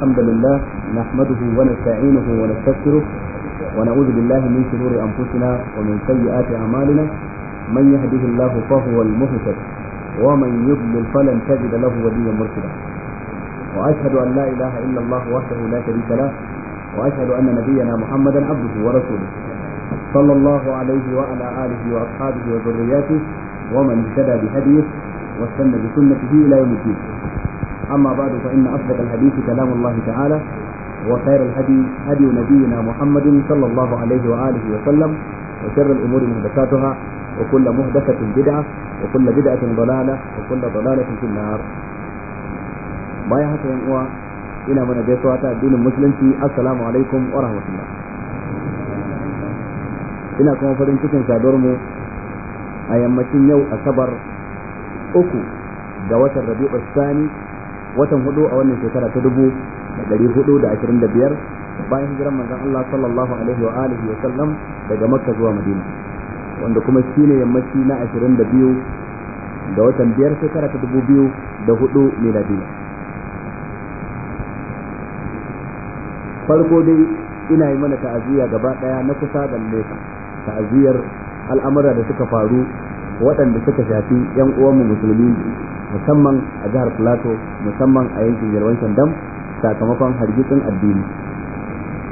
الحمد لله نحمده ونستعينه ونستغفره ونعوذ بالله من شرور أنفسنا ومن سيئات أعمالنا من يهده الله فهو المهتد ومن يضلل فلن تجد له وليا مرشدا وأشهد أن لا إله إلا الله وحده لا شريك له وأشهد أن نبينا محمدا عبده ورسوله صلى الله عليه وعلى آله وأصحابه وذرياته ومن اهتدى بهديه واستنى بسنته إلى يوم الدين أما بعد فإن أصدق الحديث كلام الله تعالى وخير الهدي هدي نبينا محمد صلى الله عليه وآله وسلم وشر الأمور محدثاتها وكل محدثة بدعة وكل بدعة ضلالة وكل ضلالة في النار باي حسن هو إلى من جيسواتا الدين المسلم في السلام عليكم ورحمة الله ina kuma farin cikin mu a yammacin yau asabar uku ga watan rabi'ul sani watan hudu a wannan shekara ta dubu da ɗari hudu da ashirin da biyar bayan hijiran manzon Allah sallallahu alaihi wa alihi wa sallam daga Makka zuwa Madina wanda kuma shine yammaci na ashirin da biyu da watan biyar shekara ta dubu biyu da hudu miladiya farko dai ina yi mana ta'aziyya gaba daya na kusa da nesa ta'aziyyar al'amura da suka faru waɗanda suka shafi yan uwanmu musulmi musamman a jihar plateau musamman a yankin yarwan shandam sakamakon hargitsin addini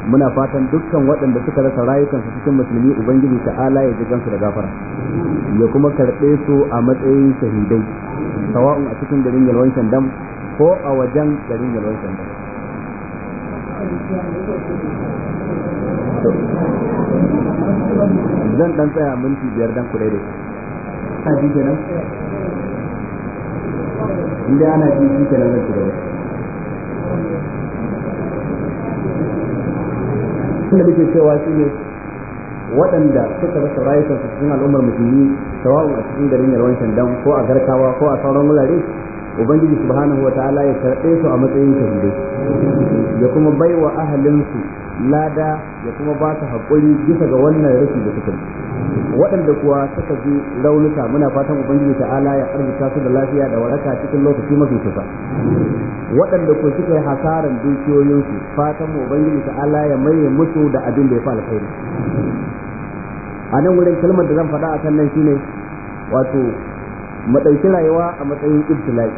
muna fatan dukkan waɗanda suka rasa rayukansu cikin musulmi ubangiji ta'ala ya ji gansu da gafara ya kuma karɓe su a matsayin shahidai sawa'un a cikin garin yalwan shandam ko a wajen garin yalwan shandam zan dan tsaya minti biyar dan kudai da Ka ji kenan inda ana ji shi kenan zai shiga tunda muke cewa shi ne waɗanda suka rasa su cikin al'ummar musulmi sawa'un a cikin garin yarwancan dam ko a garkawa ko a sauran wurare ubangiji subhanahu wa ya karɓe su a matsayin shahidai ya kuma baiwa ahalinsu lada ya kuma ba su haƙuri bisa ga wannan rashi da suka waɗanda kuwa suka ji raunuka muna fatan ubangiji ta'ala ya arzuta su da lafiya da waraka cikin lokaci mafi kusa waɗanda kuwa suka yi hasaran dukiyoyinsu fatan ubangiji ta'ala ya mai musu da abin da ya fi alkhairi a nan wurin kalmar da zan faɗa a kan nan shine wato mu rayuwa a matsayin ibtila'i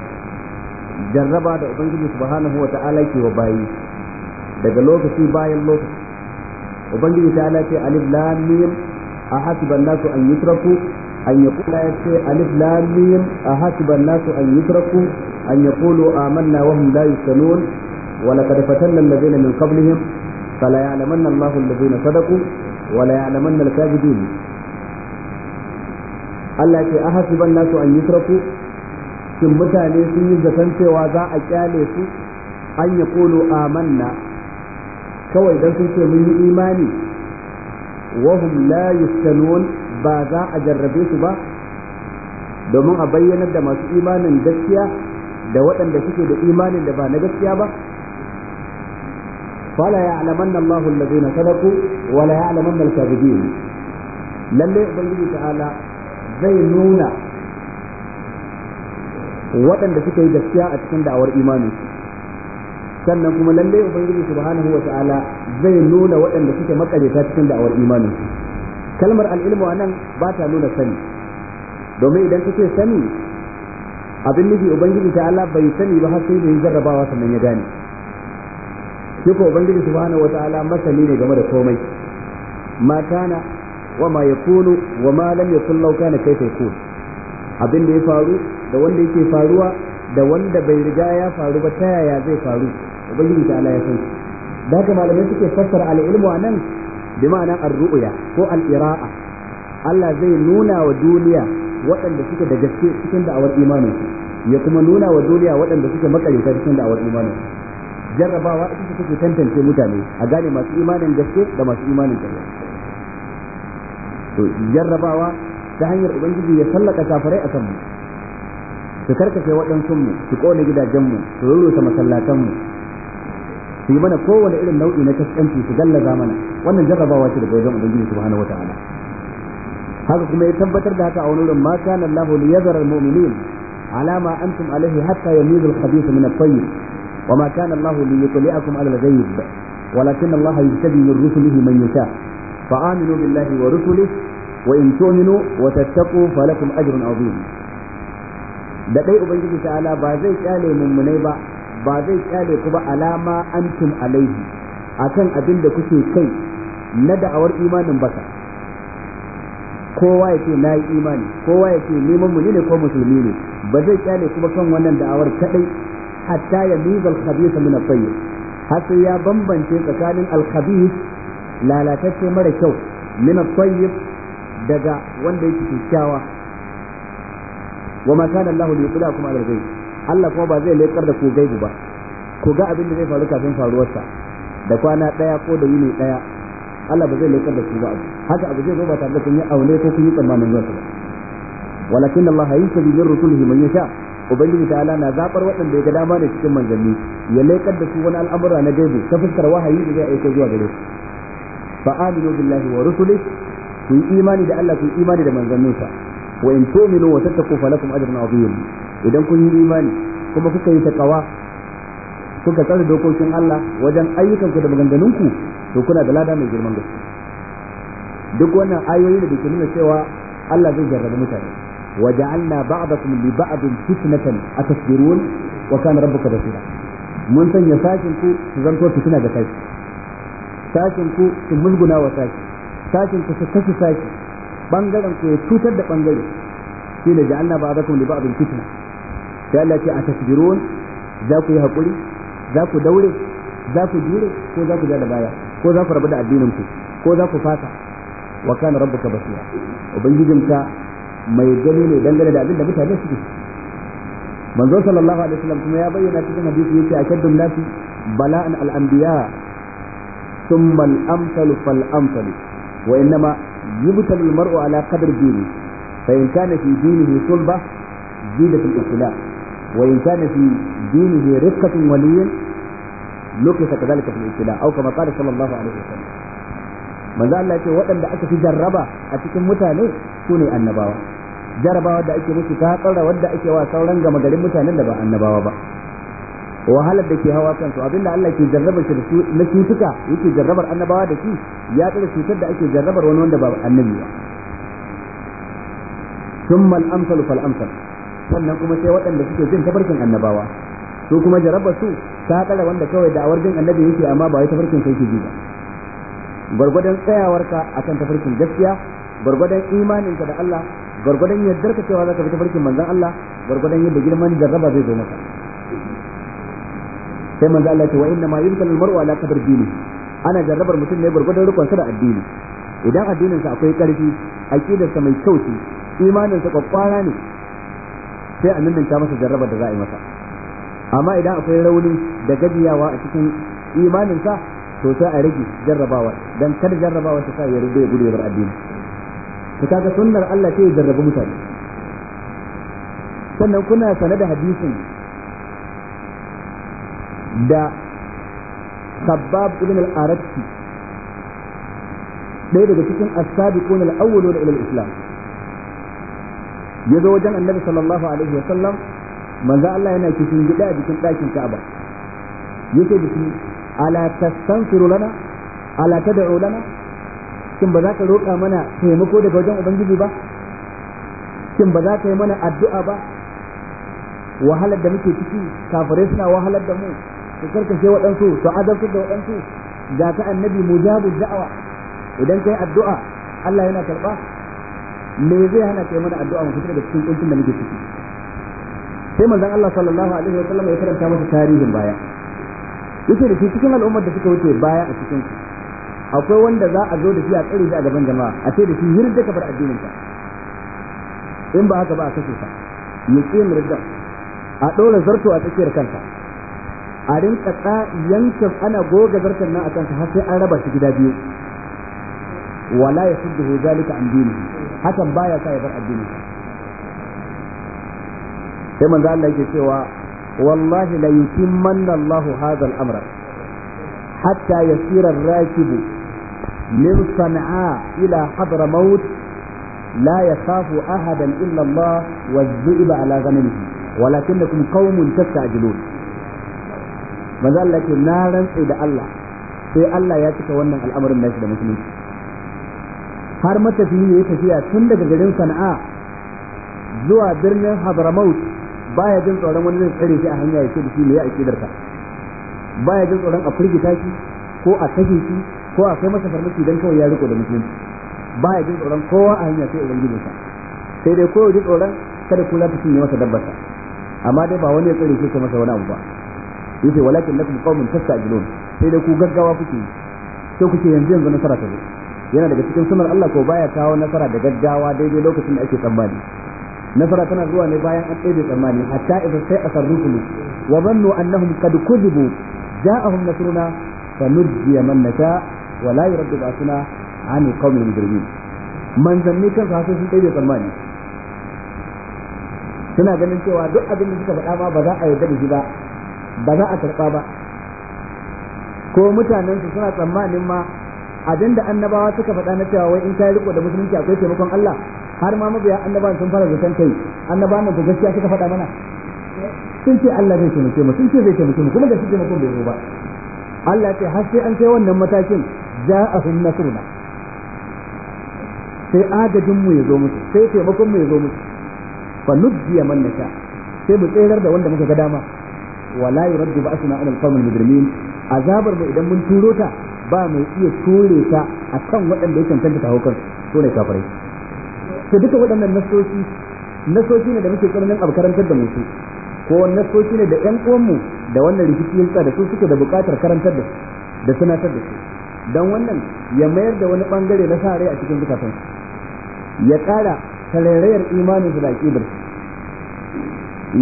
jarraba da ubangiji subhanahu wa ta'ala ke wa bayi daga lokaci bayan lokaci ubangiji ta ce alif lam mim a hasiban nasu an yutraku an yaqula ya ce alif lam mim a hasiban nasu an yutraku an yaqulu amanna wa hum la yuftanun wa laqad fatanna alladhina min qablihim fala ya'lamanna Allahu alladhina sadaqu wa la ya'lamanna al-kadhibin Allah ce ahasiban nasu an yusraku shin mutane sun yi zaton cewa za a kyale su an ya kolo amanna kawai dan sun ce mun yi imani wahum la yuftanun ba za a jarrabe su ba domin a bayyanar da masu imanin gaskiya da waɗanda suke da imanin da ba na gaskiya ba fala ya'lamanna Allahu allazina sadaqu wa la ya'lamanna al-kadhibin lalle ubangiji ta'ala zai nuna waɗanda suka yi gaskiya a cikin da'awar imani sannan kuma lalle ubangiji subhanahu wa ta'ala zai nuna waɗanda suke makareta cikin da'awar imani kalmar al'ilmu a nan ba ta nuna sani domin idan kake sani abin nufi ubangiji ta Allah bai sani ba har sai da yi zarrabawa sannan ya gane shi ko ubangiji subhanahu wa ta'ala masani ne game da komai ma kana wama yakunu wama lam yakun law kana kaifa yakun abin da ya faru da wanda yake faruwa da wanda bai riga ya faru ba ta yaya zai faru ubangiji ta Allah ya san da haka malamai suke fassara al-ilmu anan bi ma'ana ar-ru'ya ko al-ira'a Allah zai nuna wa duniya waɗanda suke da gaske cikin da'awar imanin ya kuma nuna wa duniya waɗanda suke makarita cikin da'awar imanin jarrabawa ita take tantance mutane a gane masu imanin gaske da masu imanin ƙarya to jarrabawa ta hanyar ubangiji ya sallaka kafirai akan mu su karkace waɗansu mu su kone gidajen mu su rurrusa masallatan mu su yi mana kowane irin nau'i na kaskanci su gallaza mana wannan jarrabawa ce daga wajen ubangiji subhanahu wataala haka kuma ya tabbatar da haka a wani wurin ma kana Allahu liyazara almu'minin ala ma antum hatta yamizu alkhabith min at-tayyib wa ma kana Allahu liyutli'akum ala al-ghayb ولكن الله يجتبي من رسله من يشاء فآمنوا بالله ورسله وإن تؤمنوا وتتقوا فلكم أجر عظيم da dai ubangiji ta'ala ba zai kyale mummunai ba ba zai kyale ku ba alama antum alaihi akan abin da kuke kai na da'awar imanin baka kowa ya ce na yi imani kowa ya ce neman mu ne ko musulmi ne ba zai kyale kuma kan wannan da'awar kaɗai hatta ya har sai ya bambance tsakanin al lalatacce mara kyau mina tsayyib daga wanda yake kyakkyawa wa ma kana Allah li kula kuma al Allah kuma ba zai lekar da ku gaibu ba ku ga abin da zai faru kafin faruwarsa da kwana daya ko da yini daya Allah ba zai lekar da ku ba haka abu zai zo ba tare da kun yi aure ko kun yi tsammanin zuwa ba walakin Allah yunsabi min rusulihi man yasha ubangiji ta'ala na zabar waɗanda ya ga dama ne cikin manzanni ya lekar da su wani al'amura na gaibu ta fuskar wahayi da zai aika zuwa gare su fa aminu billahi wa rusulihi ku imani da Allah ku imani da manzanninsa wa in tu'minu wa tattaqu falakum ajrun azim idan kun yi imani kuma kuka yi ta takawa kuka tsare dokokin Allah wajen ayyukanku da maganganunku to kuna da lada mai girman gaske duk wannan ayoyi da ke nuna cewa Allah zai jarrabi mutane wa ja'alna na li a fitnatan atasbirun wa kana rabbuka basira mun sanya sashin ku su zanto fitina ga sashi sashin ku su musguna wa sashi sashin ku su kashe sashi bangaren ku ya cutar da bangare shi ne ja'alna ba'dakum li ba'din fitna sai Allah ce a tasbirun za ku yi hakuri za ku daure za ku jure ko za ku ja da baya ko za ku rabu da addinin ku ko za ku fasa wa kana rabbuka basira ka mai gani ne dangane da abin da mutane suke manzo sallallahu alaihi wasallam kuma ya bayyana cikin hadisi yake a kaddum nasi bala'an al-anbiya ثم الأمثل فالأمثل وإنما يبتل المرء على قدر دينه فإن كان في دينه صلبة زيد في الابتلاء وإن كان في دينه رفقة ولي لقي كذلك في الابتلاء أو كما قال صلى الله عليه وسلم manzo Allah ya ce waɗanda aka fi jarraba a cikin mutane su annabawa jarrabawa da ake musu ta tsara wadda ake wa sauran gama garin mutanen da ba annabawa ba wahalar da ke hawa kansu abinda Allah ke jarrabar shi na cutuka yake jarrabar annabawa da shi ya tsara cutar da ake jarrabar wani wanda ba annabi ba thumma al-amsalu sannan kuma sai waɗanda suke jin tafarkin annabawa su kuma jarrabar su ta tsara wanda kawai da awarjin annabi yake amma ba wai tafarkin sai ke ji ba gwargwadon tsayawarka akan tafarkin gaskiya gwargwadon imaninka da Allah gwargwadon yaddarka cewa zaka bi tafarkin manzon Allah gwargwadon yadda girman jarraba zai zo maka sai manzo Allah ce wa inna ma yubtalu al ala qadar dini ana jarrabar mutum ne gurgurdan rukun sa da addini idan addininsa akwai karfi sa mai kyau ce imaninsa kwakwara ne sai a ta masa jarrabar da za a yi masa amma idan akwai rauni da gajiyawa a cikin imaninsa to sai a rage jarrabawa dan kada jarrabawa ta sa ya rage gudu ya bar addini to kaga sunnar Allah ce ya jarrabi mutane sannan kuna sane da hadisin da khabbab ibn al-arabsi ɗaya daga cikin as-sabiqun al-awwaluna ila al-islam ya zo wajen annabi sallallahu alaihi wa sallam manzo Allah yana kishin gida a jikin ɗakin Ka'aba yake da shi ala tastanfiru lana ala tad'u lana kin ba za ka roƙa mana taimako daga wajen ubangiji ba kin ba za ka yi mana addu'a ba wahalar da muke ciki kafirai suna wahalar da mu ka karkashe waɗansu to adabtar da waɗansu ga ta annabi mujabu da'awa idan kai addu'a Allah yana karɓa me zai hana kai mana addu'a mu fitar da cikin kuntun da muke ciki sai manzon Allah sallallahu alaihi wa sallam ya karanta masa tarihin baya yace da cikin al'ummar da suka wuce baya a cikin su akwai wanda za a zo da shi a tsare shi a gaban jama'a a ce da shi hirda ka bar addinin ka in ba haka ba a kashe ka ya ce mu a ɗora zarto a tsakiyar kanka a rinka yankin ana goga zartan nan akan sa har sai an raba shi gida biyu wala ya yasudduhu zalika an dini hakan baya sa ya bar addini sai manzo Allah yake cewa wallahi la yutimmanna Allahu hadha al-amra hatta yasira ar-rakibu من صنعاء إلى حضر موت لا يخاف أحدا إلا الله والذئب على غنمه ولكنكم قوم تستعجلون manzo Allah ce na rantsa da Allah sai Allah ya cika wannan al'amarin shi da musulunci har matafiyi ya tafiya tun daga garin Sana'a zuwa birnin Hadramaut baya jin tsoron wani zai tsare shi a hanya ya da shi ne ya ake darka baya jin tsoron a firgita shi ko a kashe shi ko a kai masa farmaki dan kawai ya riko da musulunci baya jin tsoron kowa a hanya sai ubangijinsa sai dai kowa ji tsoron kada kula ta cinye masa ta. amma dai ba wani ya tsare shi ko masa wani abu ba yace walakin lakum qaumun tastajilun sai dai ku gaggawa kuke sai kuke yanzu yanzu nasara ta zo yana daga cikin sunan Allah ko baya kawo nasara da gaggawa daidai lokacin da ake tsammani nasara tana zuwa ne bayan an tsaye tsammani hatta idza sai asar rusulu wa zannu annahum qad kuzibu ja'ahum nasruna fanujjiya man nasha wa la yuraddu ba'suna 'an al-qawmi al-mujrimin kan su sun tsaye tsammani suna ganin cewa duk abin da suka faɗa ba za a yarda da shi ba ba za a karɓa ba ko mutanen su suna tsammanin ma abin da annabawa suka faɗa na cewa wai in kai riko da musulunci akwai taimakon Allah har ma mabiya annabawan sun fara zaton kai annabawan nan gaskiya suka faɗa mana sun ce Allah zai taimake mu sun ce zai taimake mu kuma da su mutum bai zo ba Allah ce har sai an kai wannan matakin na nasruna sai agajin mu ya zo musu sai taimakon mu ya zo musu fa nujjiya man nasha sai mu tserar da wanda muka ga dama wala yuraddu ba'suna 'ala al mujrimin azabar da idan mun turo ta ba mai iya tore ta akan waɗanda yake tantance ta to ne kafirai to duka waɗannan nasoci nasoci ne da muke tsananin abu karantar da mutu ko nasoci ne da ƴan uwanmu da wannan rikici ya da su suke da buƙatar karantar da da sanatar da su dan wannan ya mayar da wani bangare na sa a cikin zukatan ya kara tarayyar imanin su da kibir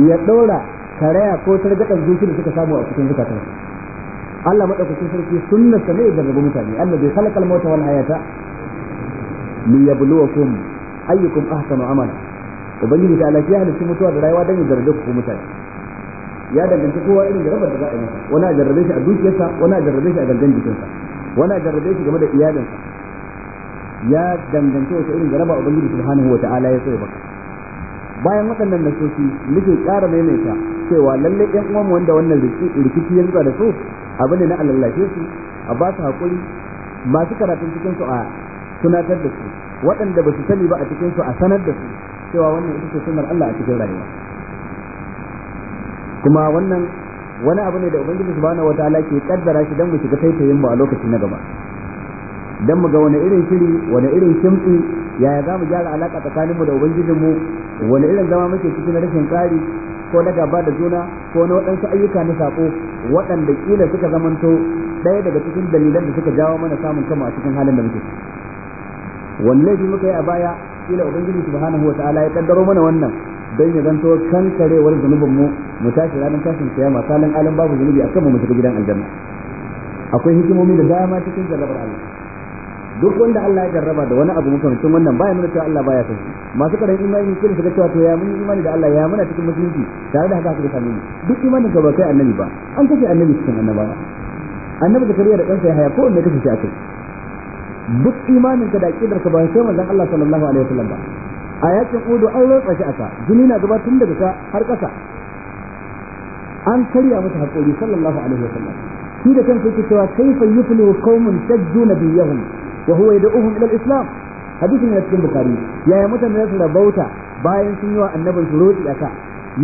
ya ɗora karaya ko targaɗar zuci da suka samu a cikin zukatan Allah madaukakin sarki sunnar sa ne ya jarrabu mutane Allah bai khalaqal mota wani hayata li yabluwakum ayyukum ahsanu amala ubangiji ta Allah ya halitta mutuwa da rayuwa dan ya jarrabe ku mutane ya danganci kowa irin jarrabar da za a yi masa wani a jarrabe shi a dukiyarsa wani a jarrabe shi a gangan jikinsa wani a jarrabe shi game da iyalinsa ya danganci wata irin jaraba ubangiji subhanahu wa ta'ala ya so ya baka bayan waɗannan nasoci muke ƙara maimaita cewa lalle ɗan uwanmu wanda wannan rikici ya zuwa da su abu ne na alallace su a ba su haƙuri masu karatun cikin su a tunatar da su waɗanda ba su sani ba a cikin a sanar da su cewa wannan ita ce sunar Allah a cikin rayuwa kuma wannan wani abu ne da ubangiji subhanahu wataala ke kaddara shi dan mu shiga taitayin mu a lokacin na gaba dan mu ga wani irin shiri wani irin kimtsi yaya za mu gyara alaka tsakanin mu da mu wani irin zama muke cikin rashin tsari ko na ba da juna ko na waɗansu ayyuka na sako waɗanda kila suka zamanto ɗaya daga cikin dalilan da suka jawo mana samun kama a cikin halin da muke wanne laifi muka yi a baya kila ubangiji subhanahu wa ta'ala ya kaddaro mana wannan don ya zanto kankarewar zunubin mu mu tashi ranar tashin kiyama salin alam babu zunubi akan mu mu shiga gidan aljanna akwai hikimomi da dama cikin jarabar Allah duk wanda Allah ya jarraba da wani abu makamancin wannan baya mana cewa Allah baya son masu karin imani kiri su ga cewa to ya mun imani da Allah ya muna cikin musulunci tare da haka suka sami ni duk imanin ka ba kai annabi ba an kace annabi cikin annaba annabi da kariya da kansa ya haya ko wanda kace a akai duk imanin ka da akidar ka ba sai manzon Allah sallallahu alaihi wasallam ba a yakin udu an rotsa shi aka jini na zuba tun daga ka har kasa an karya masa hakuri sallallahu alaihi wasallam shi da kansa yake cewa kaifa yuflihu qaumun tajju nabiyyahum wa huwa yad'uhum ila al-islam hadisin ne cikin bukhari yaya mutane su rabauta bayan sun yi wa annabin su roƙi aka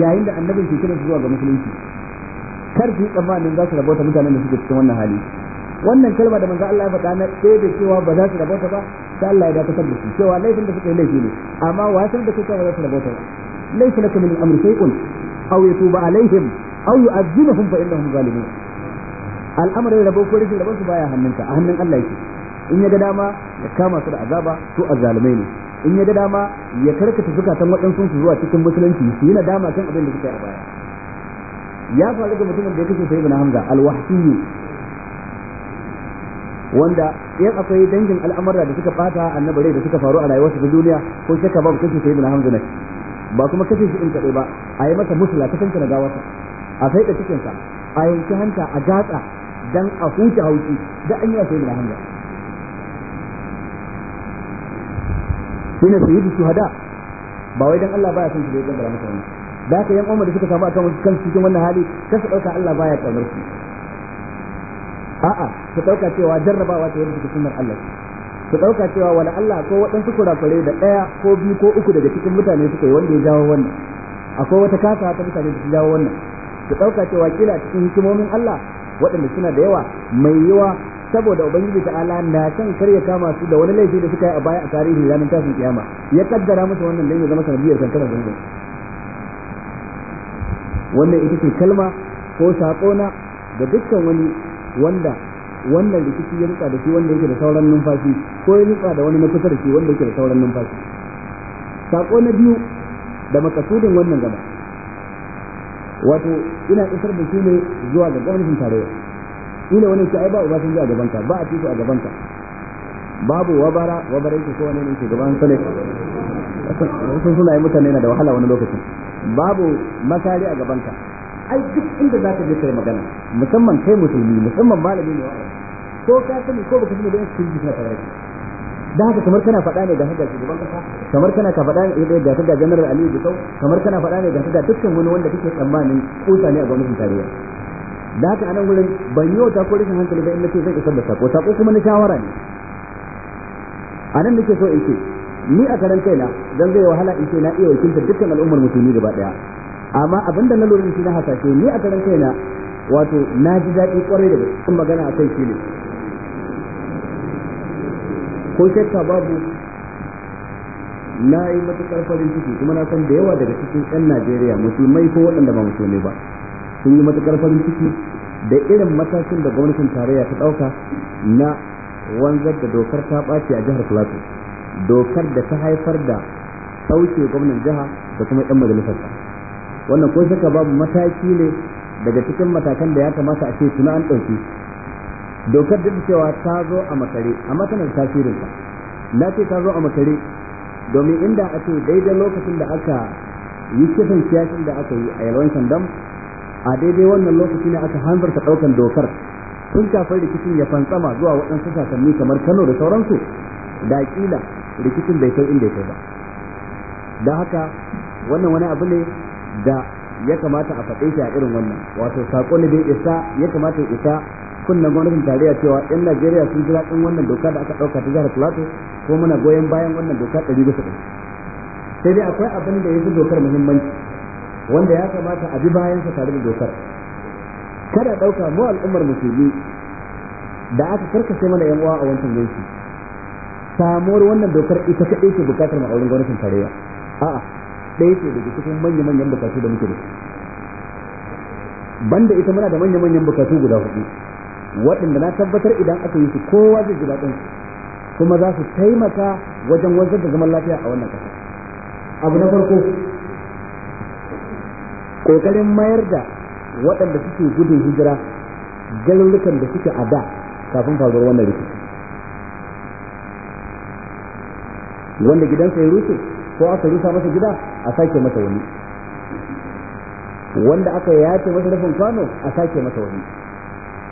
yayin da annabin ke kiransu zuwa ga musulunci kar su yi tsammanin za su rabauta mutanen da wannan hali wannan kalma da manzo Allah ya faɗa na ɗaya da cewa ba za su rabauta ba sai Allah ya dakatar da su cewa laifin da suka yi laifi ne amma wasar da kuka ba za su rabauta ba laysa lakum min al-amri shay'un aw yatuba alaihim aw yu'adhibuhum fa innahum zalimun al'amarin rabo ko rashin rabon su baya hannunka a hannun Allah yake in ya ga dama ya kama su da azaba su azzalumai ne in ya ga dama ya karkata zukatan waɗansu su zuwa cikin musulunci su yi na dama kan abin da suka yi a baya ya faru da mutumin da ya kashe sayyidina hamza alwahsiyu wanda ya akwai dangin al'amura da suka bata annabi rai da suka faru a rayuwarsa ta duniya ko shakka babu kashe sayyidina hamza ne ba kuma kashe shi in kadai ba a yi masa musula ta tantana gawarsa a sai da cikinsa a yanki hanta a gatsa dan a huce hauci da an yi wa sayyidina hamza shine su shuhada ba wai dan Allah baya son su da ya kaddara masa da haka yan umar da suka samu akan kan cikin wannan hali ka su dauka Allah baya kaunar su a'a su dauka cewa jarrabawa ta wanda cikin nan Allah su dauka cewa wala Allah ko waɗansu kurakure da ɗaya ko biyu ko uku daga cikin mutane suka yi wanda ya jawo wannan akwai wata kasa ta mutane da su jawo wannan su dauka cewa kila cikin hikimomin Allah waɗanda suna da yawa mai yawa saboda ubangiji ta'ala na san karya kama su da wani laifi da suka yi a baya a tarihi ranar tashin kiyama ya kaddara musu wannan dan ya zama sanadiyar kankanar zunubin wannan ita ce kalma ko saƙona ga dukkan wani wanda wannan rikici ya rika da shi wanda yake da sauran numfashi ko ya rika da wani na kusa da shi wanda yake da sauran numfashi sako na biyu da makasudin wannan gaba wato ina isar da shi ne zuwa ga gwamnatin tarayya ina wani shi ai ba uba sun ji a gaban ka ba a ci a gaban ka babu wabara wabarai ki ko wani ne ke gaban ne. sun suna yi mutane na da wahala wani lokacin babu masari a gaban ka ai duk inda za ka je kai magana musamman kai musulmi musamman malami ne wa'azi ko ka sani ko baka sani ba ne cikin jikin tare da haka kamar kana faɗa ne ga hajjar gaban kasa kamar kana ka faɗa ne ga hajjar general aliyu bisau kamar kana faɗa ne ga hajjar dukkan wani wanda kake tsammanin kusa ne a gwamnatin tarayya da haka anan gurin ban yi wata ko rikin hankali ba in nace zai isar da sako sako kuma na shawara ne anan nake so in ce ni a karan kaina dan zai wahala in ce na iya wakilta dukkan al'ummar musulmi gaba daya amma abinda na lura shi na hasashe ni a karan kaina wato na ji daɗi kwarai da gaske magana akan shi ne ko shakka babu na yi matuƙar farin ciki kuma na san da yawa daga cikin 'yan Najeriya musulmai ko waɗanda ba musulmai ba sun yi matukar farin ciki da irin matakin da gwamnatin tarayya ta ɗauka na wanzar da dokar ta ɓaci a jihar plateau dokar da ta haifar da sauke gwamnan jiha da kuma 'yan majalisarsa wannan ko shaka babu mataki ne daga cikin matakan da ya kamata a ce tuna an ɗauki dokar da cewa ta zo a makare amma tana da tasirinsa na ce ta zo a makare domin inda a ce daidai lokacin da aka yi kisan kiyashin da aka yi a yalwan sandan. a daidai wannan lokaci ne aka hanzarta ɗaukan dokar sun shafar rikicin ya fantsama zuwa waɗansu sakanni kamar kano da sauransu da ƙila rikicin bai kai inda ya kai ba don haka wannan wani abu ne da ya kamata a faɗe shi a irin wannan wato sako ne da isa ya kamata ya isa kunnan gwamnatin tarayya cewa yan najeriya sun jira ɗin wannan doka da aka ɗauka ta jihar plato ko muna goyon bayan wannan doka ɗari bisa ɗari sai dai akwai abin da ya fi dokar muhimmanci wanda ya kamata a bi bayan sa tare da dokar kada dauka mu al'ummar musulmi da aka karkace mana yan uwa a wancan yanki samuwar wannan dokar ita kadai ce bukatar mu a gwamnatin tarayya a'a ɗaya ce daga cikin manya-manyan bukatu da muke da su banda ita muna da manya-manyan bukatu guda hudu waɗanda na tabbatar idan aka yi su kowa zai ji daɗin kuma za su taimaka wajen wanzar da zaman lafiya a wannan ƙasa abu na farko kokarin mayar da waɗanda suke gudun hijira garurukan da suke a da kafin faruwar wannan rikici wanda gidansa ya rushe ko aka rusa masa gida a sake masa wani wanda aka yace masa rufin kwano a sake masa wani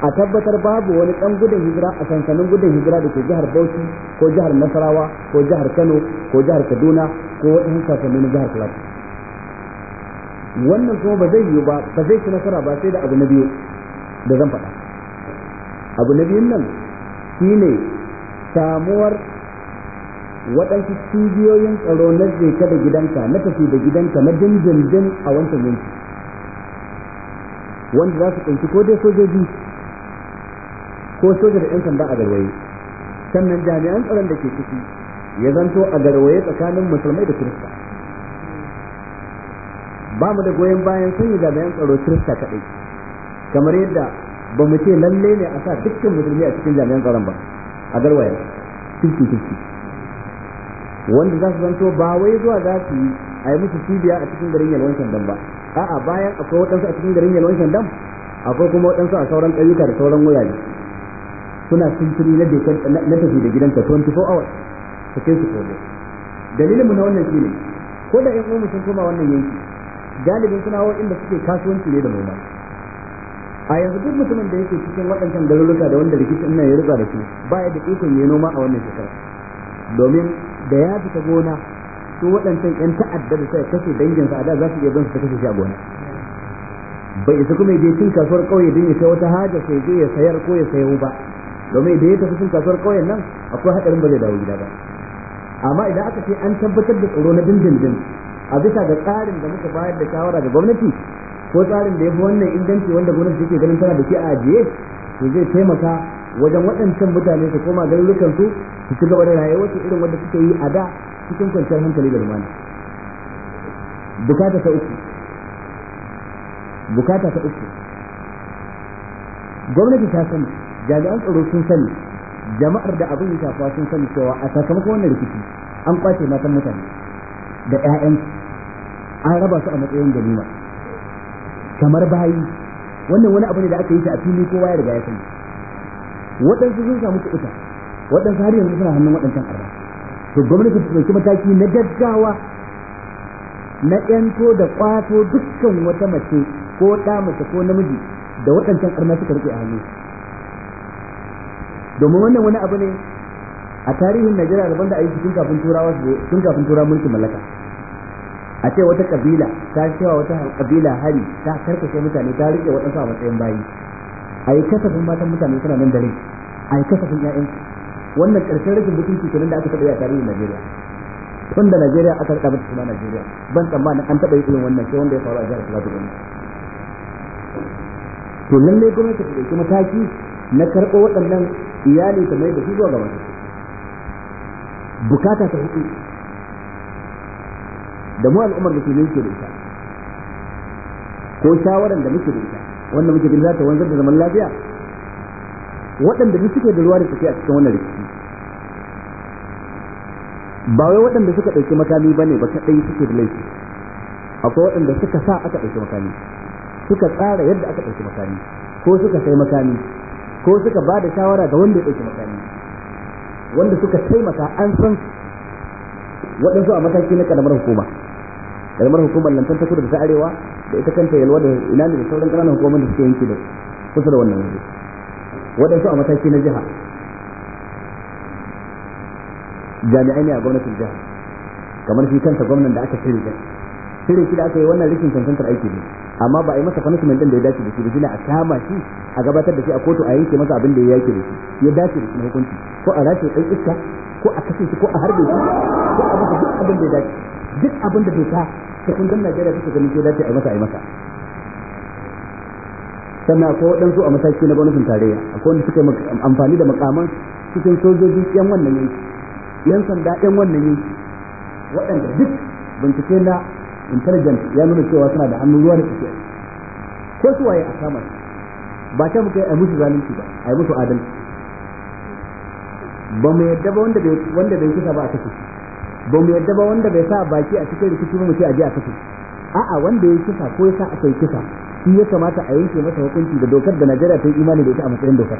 a tabbatar babu wani ɗan gudun hijira a sansanin gudun hijira da ke jihar Bauchi ko jihar Nasarawa ko jihar Kano ko jihar Kaduna ko waɗansu nuna jihar Plateau wannan kuma ba zai yi ba ba zai ci nasara ba sai da abu na biyu da zan faɗa abu na biyun nan shine samuwar waɗansu cibiyoyin tsaro na zeka da gidanka na tafi da gidanka na dindindin a wancan yanki wanda za su ɗauki ko dai sojoji ko soja da 'yan sanda a garwaye sannan jami'an tsaron da ke ciki ya zanto a garwaye tsakanin musulmai da kirista ba mu da goyon bayan sun yi jami'an tsaro kirista kaɗai kamar yadda ba mu ce lalle ne a sa dukkan musulmi a cikin jami'an tsaron ba a garwaya kirki kirki wanda za su zanto ba wai zuwa za su yi a yi musu cibiya a cikin garin yalwan shandam ba a'a bayan akwai waɗansu a cikin garin yalwan shandam akwai kuma waɗansu a sauran ƙauyuka da sauran wurare suna sintiri na dekar na tafi da gidanka 24 hours ta kai su kome dalilin mu na wannan shine ko da ƴan uwanmu sun koma wannan yanki galibin suna waɗanda suke kasuwanci ne da noma a yanzu duk mutumin da yake cikin waɗancan garuruka da wanda rikicin nan ya riga da su baya da ikon yi noma a wannan shekara domin da ya fita gona su waɗancan 'yan ta'adda da sai kashe danginsa a da za su iya zan su ta kashe shi a gona bai isa kuma je cin kasuwar kauye don ya ta wata haja sai je ya sayar ko ya sayo ba domin da ya tafi cin kasuwar kauyen nan akwai haɗarin ba zai dawo gida ba amma idan aka ce an tabbatar da tsaro na dindindin a bisa ga tsarin da muka bayar da shawara ga gwamnati ko tsarin da ya fi wannan inganci wanda gwamnati take ganin tana da shi a ajiye to zai taimaka wajen waɗancan mutane su koma garurukan su su ci gaba da rayuwarsu irin wanda suke yi a da cikin kwanciyar hankali da lumana bukata ta uku bukata ta uku gwamnati ta sani jami'an tsaro sun sani jama'ar da abin ya shafa sun sani cewa a sakamakon wannan rikici an kwace matan mutane da 'ya'yansu an raba su a matsayin ganima kamar bayi wannan wani abu ne da aka yi shi a fili kowa ya riga ya sani waɗansu sun samu kuɗuta waɗansu har yanzu suna hannun waɗancan arba to gwamnati ta ɗauki mataki na gaggawa na ƴanto da ƙwato dukkan wata mace ko ɗa mace ko namiji da waɗancan arna suka rike a hannu domin wannan wani abu ne a tarihin Najeriya daban da a yi tun kafin turawa tun kafin turawa mulkin mallaka a ce wata kabila ta cewa wata kabila hari ta karkashe mutane ta rike waɗansu a matsayin bayi a yi kasafin matan mutane suna nan dare, a yi kasafin ƴaƴan wannan ƙarshen rashin mutunci kenan da aka taɓa yi a tarihin Najeriya tun da Najeriya aka rika mata suna Najeriya ban tsammanin an taɓa yi irin wannan shi wanda ya faru a jihar Plateau ɗin to lalle gwamnati ta ɗauki mataki na karɓo waɗannan iyali ta mai da su zuwa gaba bukata ta hudu da mu al'ummar da ke da ita ko shawaran da muke da ita wanda muke ganin za ta wanzar da zaman lafiya waɗanda duk suke da ruwa da suke a cikin wannan rikici ba wai waɗanda suka ɗauki makami ba ne ba kaɗai suke da laifi akwai waɗanda suka sa aka ɗauki makami suka tsara yadda aka ɗauki makami ko suka sai makami ko suka ba da shawara ga wanda ya ɗauki makami wanda suka taimaka an san waɗansu a mataki na ƙaramar hukuma kalmar hukumar lantan ta kudu da ta arewa da ita kanta yalwa da ina da sauran ƙananan hukumar da suke yanki da kusa da wannan waje waɗansu a mataki na jiha jami'ai ne a gwamnatin jiha kamar shi kansa gwamnan da aka cire da cire shi da aka yi wannan rikin cancantar aiki ne amma ba a yi masa punishment din da ya dace da shi ba shine a kama shi a gabatar da shi a kotu a yanke masa abin da ya yake da shi ya dace da shi na hukunci ko a rashin ɗan iska ko a kashe shi ko a harbe shi ko a masa duk abin da ya dace duk abin da doka ta kundin Najeriya suka ganin sai dace a masa a masa sannan akwai waɗansu a mataki na gwamnatin tarayya akwai wanda suka amfani da makaman cikin sojoji yan wannan yanki yan sanda yan wannan yanki waɗanda duk bincike na intelligence ya nuna cewa suna da hannun ruwa da tafiya ko su waye a kama ba ta muka yi musu zalunci ba a yi musu adalci ba mu yadda ba wanda bai kusa ba a kashe ba mu yarda ba wanda bai sa baki a cikin rikici ba mu ce a je a kashe a'a wanda ya kisa ko ya sa aka yi kisa shi ya kamata a yanke masa hukunci da dokar da Najeriya ta yi imani da ita a matsayin dokar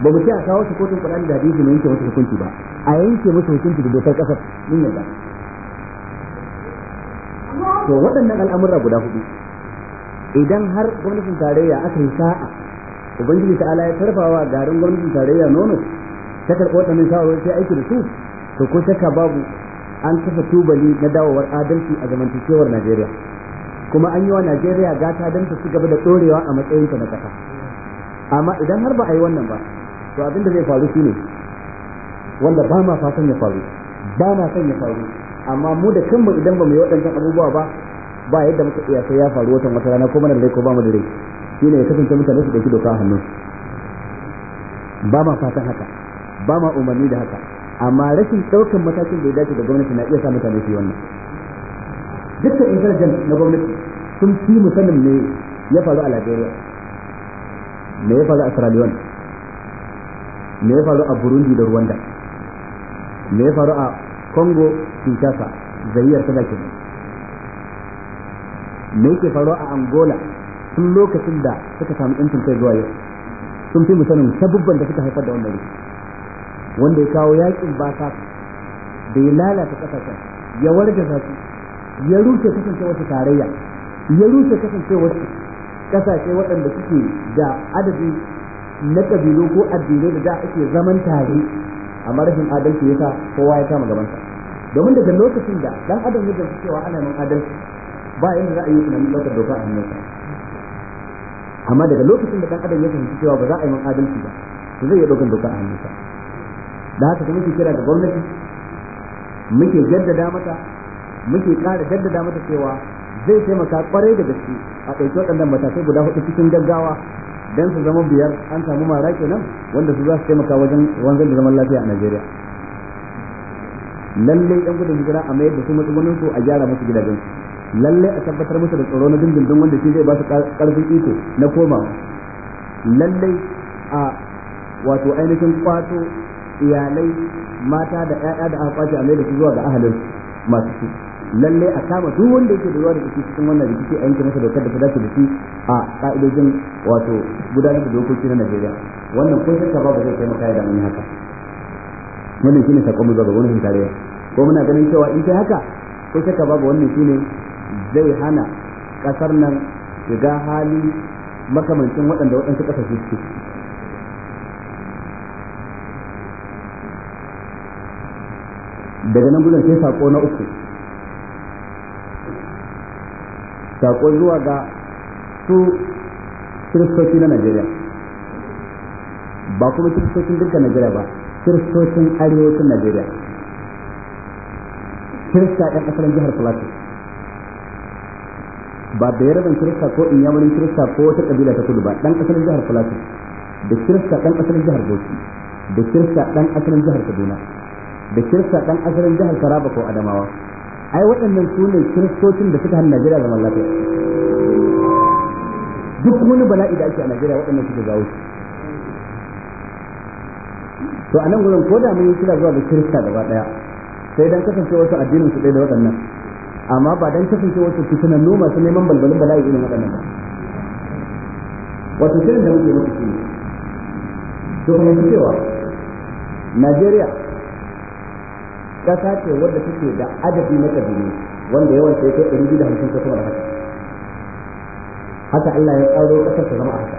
ba mu ce a kawo shi kotun Qur'ani da hadisi mu yanke masa hukunci ba a yanke masa hukunci da dokar kasar mun yarda. to waɗannan al'amura guda hudu idan har gwamnatin tarayya aka yi sa'a ubangiji ta'ala ya tarfawa garin gwamnatin tarayya nono ta karɓo waɗannan sawa sai aiki da su to ko shakka babu an kafa tubali na dawowar adalci a zamantakewar Najeriya kuma an yi wa Najeriya gata don ta ci gaba da ɗorewa a matsayinta na ƙasa amma idan har ba a yi wannan ba to abin da zai faru shine wanda ba ma fatan ya faru ba ma son ya faru amma mu da kanmu idan ba mu yi waɗancan abubuwa ba ba yadda muka iya sai ya faru watan wata rana ko mana dai ko ba mu da rai shine ya kasance mutane su dauki doka a hannu ba ma fatan haka ba ma umarni da haka amma rashin ɗaukan matakin da ya dace da gwamnati na iya sa mutane su yi wannan dukkan intelligent na gwamnati sun fi mu sanin me ya faru a Najeriya me ya faru a Sierra Leone me ya faru a Burundi da Rwanda me ya faru a Congo Kinshasa zayyar ta zaki me yake faru a Angola tun lokacin da suka samu yancin kai zuwa yau sun fi mu sanin sabubban da suka haifar da wannan rikici wanda ya kawo yakin baka da ya lalata kasashen ya warga zafi ya rushe wasu tarayya ya rushe wasu kasashe waɗanda suke da adadi na ƙabilo ko addinai da za a ake zaman tare amma rashin adalci yasa kowa ya kama gabansa domin daga lokacin da dan adam ya gamsu cewa ana nan adalci ba yadda za a yi tunanin ɗaukar doka a hannunsa amma daga lokacin da dan adam ya fahimci cewa ba za a yi mun adalci ba zai iya ɗaukar doka a hannunsa da haka kuma ke kira ga gwamnati muke jaddada mata muke kara jaddada mata cewa zai taimaka kwarai da gaske a ɗauki waɗannan matakai guda hudu cikin gaggawa don su zama biyar an samu mara kenan wanda su za su taimaka wajen wanzar da zaman lafiya a Najeriya lallai yan gudun hijira a mayar da su matsugunin su a gyara masu gidajen lallai a tabbatar musu da tsoro na dindindin wanda shi zai ba su karfin iko na komawa lallai a wato ainihin kwato iyalai mata da ƴaƴa da aka kwace a mai da su zuwa ga ahalin masu su lalle a kama duk wanda yake da ruwa da ciki cikin wannan rikici a yanke masa dokar da ta dace da shi a ka'idojin wato gudanar da dokoki na Najeriya wannan kun san ba zai taimaka da mun haka wannan shine sakon mu zaba wannan tarayya ko muna ganin cewa in kai haka ko shakka babu wannan shine zai hana kasar nan shiga hali makamancin waɗanda waɗansu ƙasashe suke daga nan gudun sai sako na uku sako zuwa ga su kiristoci na najeriya ba kuma kiristocin dukkan najeriya ba kiristocin arewacin najeriya kirista ɗan asalin jihar plateau ba da yaraban kirista ko in yamurin kirista ko wata ƙabila ta kudu ba ɗan asalin jihar plateau da kirista ɗan asalin jihar bauchi da kirista ɗan asalin jihar kaduna da kirsa dan asalin jihar Taraba ko Adamawa ai waɗannan su ne kiristocin da suka hana Najeriya zaman lafiya duk wani bala'i da ake a Najeriya waɗannan suka zawo to a nan gurin ko da mun yi kira zuwa da kirista gaba daya sai dan kasance wasu addinin su ɗaya da waɗannan amma ba dan kasance wasu fitinan noma su neman balbalin bala'i irin waɗannan ba wato shirin da muke muku shi ne. to kuma cewa Najeriya ƙasa ce wadda take da adadi na ƙabilu wanda yawan sai kai ɗari biyu da hamsin ko kuma da haka haka Allah ya tsaro ƙasar ta zama a haka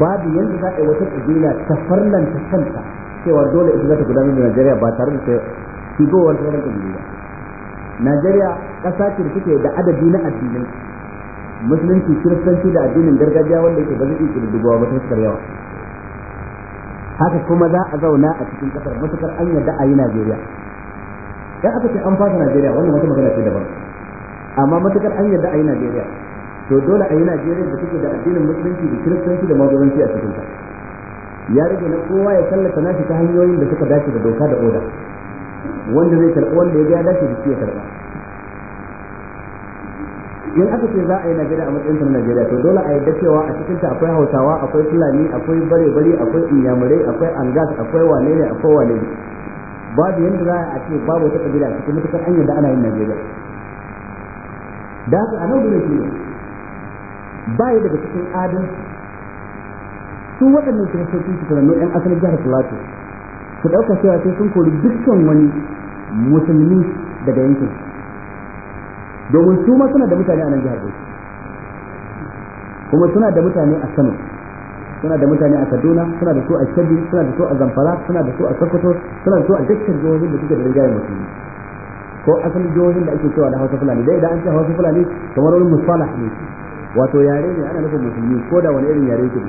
babu yanzu za a yi wata ƙabila ta farlanta kanta cewa dole ita za ta gudanar da Najeriya ba tare da shigowar sauran ƙabilu ba Najeriya ƙasa ce da take da adadi na addinai musulunci kiristanci da addinin gargajiya wanda yake ba zai iya kirdubawa ba ta yawa haka kuma za a zauna a cikin kasar matukar an yarda a yi Najeriya dan aka ce an fasa Najeriya wannan wata magana ce daban amma matukar an yarda a yi Najeriya to dole a yi Najeriya da take da addinin musulunci da kiristanci da magudanci a cikin ta ya rage na kowa ya sallaka nashi ta hanyoyin da suka dace da doka da oda wanda zai karɓi wanda ya ga dace da shi ya karɓa in aka ce za a yi Najeriya a matsayin na Najeriya to dole a yadda cewa a cikin ta akwai Hausawa akwai Fulani akwai bare-bare akwai Inyamurai akwai Angas akwai wane ne akwai wane ne babu yadda za a ce babu wata kabila a cikin mutukar an yadda ana yin Najeriya da haka a nan gudun shi ba yi daga cikin adin su waɗannan kiristoci su tunanu 'yan asalin jihar Filato su ɗauka cewa sai sun kori dukkan wani musulmi daga yankin domin su ma suna da mutane a nan jihar Bauchi kuma suna da mutane a Kano suna da mutane a Kaduna suna da su a Kebbi suna da su a Zamfara suna da su a Sokoto suna da su a dukkan jihohin da suke da rinjaye musulmi ko asalin jihohin da ake cewa da Hausa Fulani dai idan an ce Hausa Fulani kamar wani musalah ne wato yare ne ana nufin musulmi ko da wani irin yare yake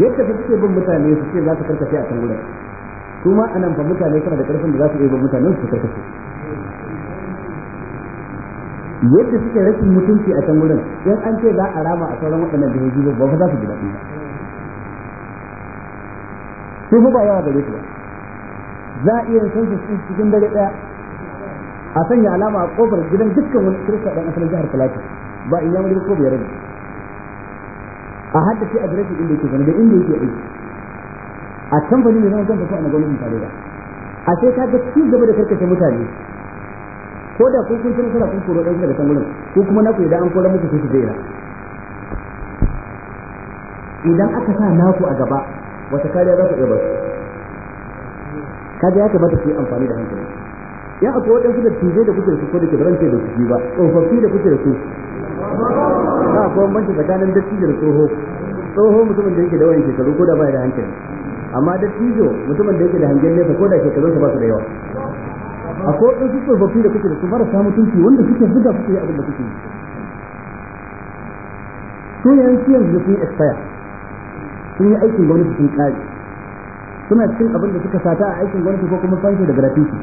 yadda fa suke bin mutane su ce za su karkace a can gudan su ma anan fa mutane suna da karfin da za su iya bin mutane su karkace yadda suke rashin mutunci a can wurin in an ce za a rama a sauran waɗannan jihohi ba ba za su ji daɗi ba Sai su ba yawa gare su ba za a iya san su cikin dare ɗaya a sanya alama a kofar gidan dukkan wani kirista ɗan asalin jihar Filato ba in yamuri ko biyar ne a haddace adireshin inda yake zane da inda yake aiki a kamfanin da zama kansa ko a na gwamnatin tarayya a sai ka ga ci gaba da karkace mutane ko da ku kun ci nasara kun koro ɗansu da can ko kuma naku idan an koro muku sai su jera idan aka sa naku a gaba wata kariya za ku iya basu kaje ya kamata ku yi amfani da hankali ya akwai waɗansu da tijai da kuke da su ko da ke barance da su ba tsofaffi da kuke da su ba akwai bambanci tsakanin dattijo da tsoho tsoho mutumin da yake da wayan shekaru ko da baya da hankali amma dattijo mutumin da yake da hangen nesa ko da shekarunsa ba su da yawa akwai wasu tsofaffi da kuke da su marasa mutunci wanda suke buga kuke yi abin da kuke yi su yanzu da sun expire sun yi aikin gwamnati sun kare suna cikin abin da suka sata a aikin gwamnati ko kuma fanshi da gratuity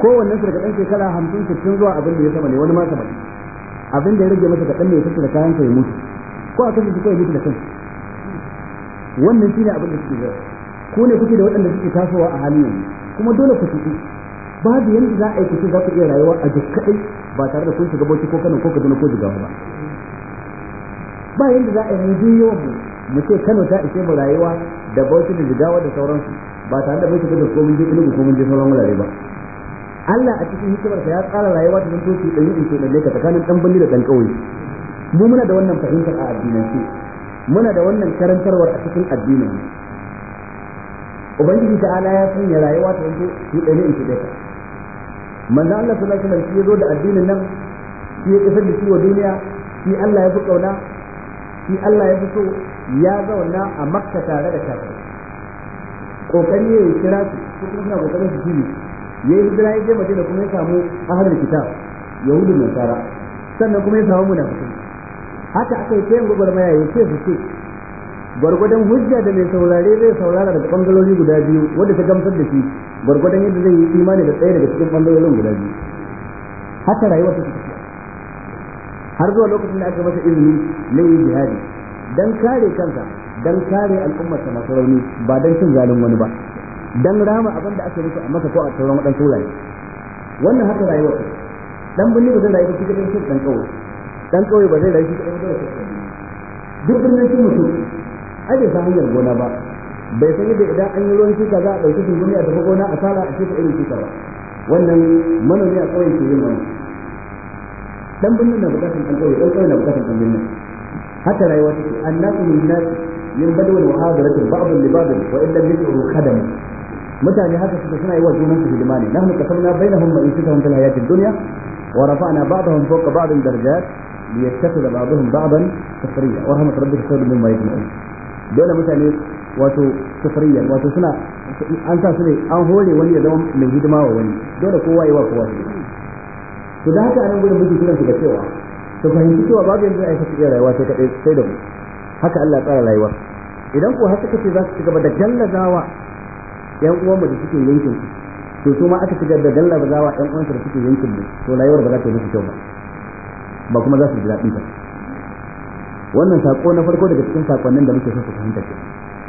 kowanne su daga ɗan shekara hamsin sittin zuwa abin da ya sama ne wani ma sama abin da ya rage masa kaɗan ne ya da kayan ka ya mutu ko a kasance kawai mutu da kansa wannan shine abin da suke jira ko ne kuke da waɗanda suke tasowa a halin yanzu kuma dole ka ba babu yanda za a yi kace za ku iya rayuwa a duk kadai ba tare da kun shiga bauchi ko Kano ko Kaduna ko Jigawa ba ba yanda za a yi duk yawan mu mu ce Kano ta ishe mu rayuwa da bauchi da Jigawa da sauransu ba tare da mun shiga da komai je Enugu ko mun je sauran wurare ba Allah a cikin hikimarsa ya tsara rayuwa ta toki shi ɗanyi in keɓalle ka tsakanin ɗan birni da ɗan ƙauye mu muna da wannan fahimtar a addinance muna da wannan karantarwar a cikin addinin ubangiji ta ala ya sanya rayuwa ta yanzu shi ɗari in shida manzo Allah sallallahu alaihi wasallam ya zo da addinin nan shi ya kasar da shi wa duniya shi Allah ya fi kauna shi Allah ya fi so ya zauna a Makka tare da kafin. kokari ya kira su su kuma suna kokarin su shi ya yi hijira ya je Madina kuma ya samu ahlul kitab mai Sara? sannan kuma ya samu munafiki haka aka yi yin gwagwarmaya ya ce su ce gwargwadon hujja da mai saurare zai saurara daga bangalori guda biyu wadda ta gamsar da shi gwargwadon yadda zai yi imani da tsaye daga cikin bangarorin guda biyu haka rayuwar ta tafiya har zuwa lokacin da aka masa izini na yin jihadi dan kare kansa dan kare al'ummarsa masu rauni ba dan cin zalin wani ba dan rama abin da aka rufe a masa ko a sauran waɗansu wurare wannan haka rayuwar ta dan birni ba zai rayu cikin dan kauye dan kauye ba zai rayu cikin dan kauye duk birnin sun mutum ai bai san hanyar gona ba bai san yadda idan an yi ruwan shuka za a ɗauki tungumi a tafi gona a sala a shuka irin shuka ba wannan manomi a ƙauyen ke yin wannan dan birnin na bukatar ɗan ƙauye ɗan ƙauye na bukatar ɗan birnin haka rayuwa take annasu min nas min badwan wa hadaratin ba'dun li ba'din wa illa yad'u khadam mutane haka suka suna yi wa junan su hidima ne nahnu qasamna bainahum ma'isatahum fil hayatid dunya wa rafa'na ba'dahum fawqa ba'din darajat liyattakhidha ba'dahum ba'dan sufriya wa rahmat rabbika khayrun mimma yajma'un dole mutane wato sufuriyar wato suna an sa su ne an hore wani ya zama mai hidima wa wani dole kowa ya wa kowa shi to da haka anan gudun muke kiran su da cewa to fahimci cewa babu yanzu a yi kasu iya rayuwa sai kaɗai sai da mu haka Allah tsara rayuwa idan ko haka kace za su ci gaba da gallazawa yan uwanmu da suke yankin ku to su ma aka ci gaba da gallazawa yan uwansu da suke yankin mu to rayuwar ba za ta yi musu kyau ba ba kuma za su ji daɗi ba wannan sako na farko daga cikin sakonnin da muke so su fahimta ce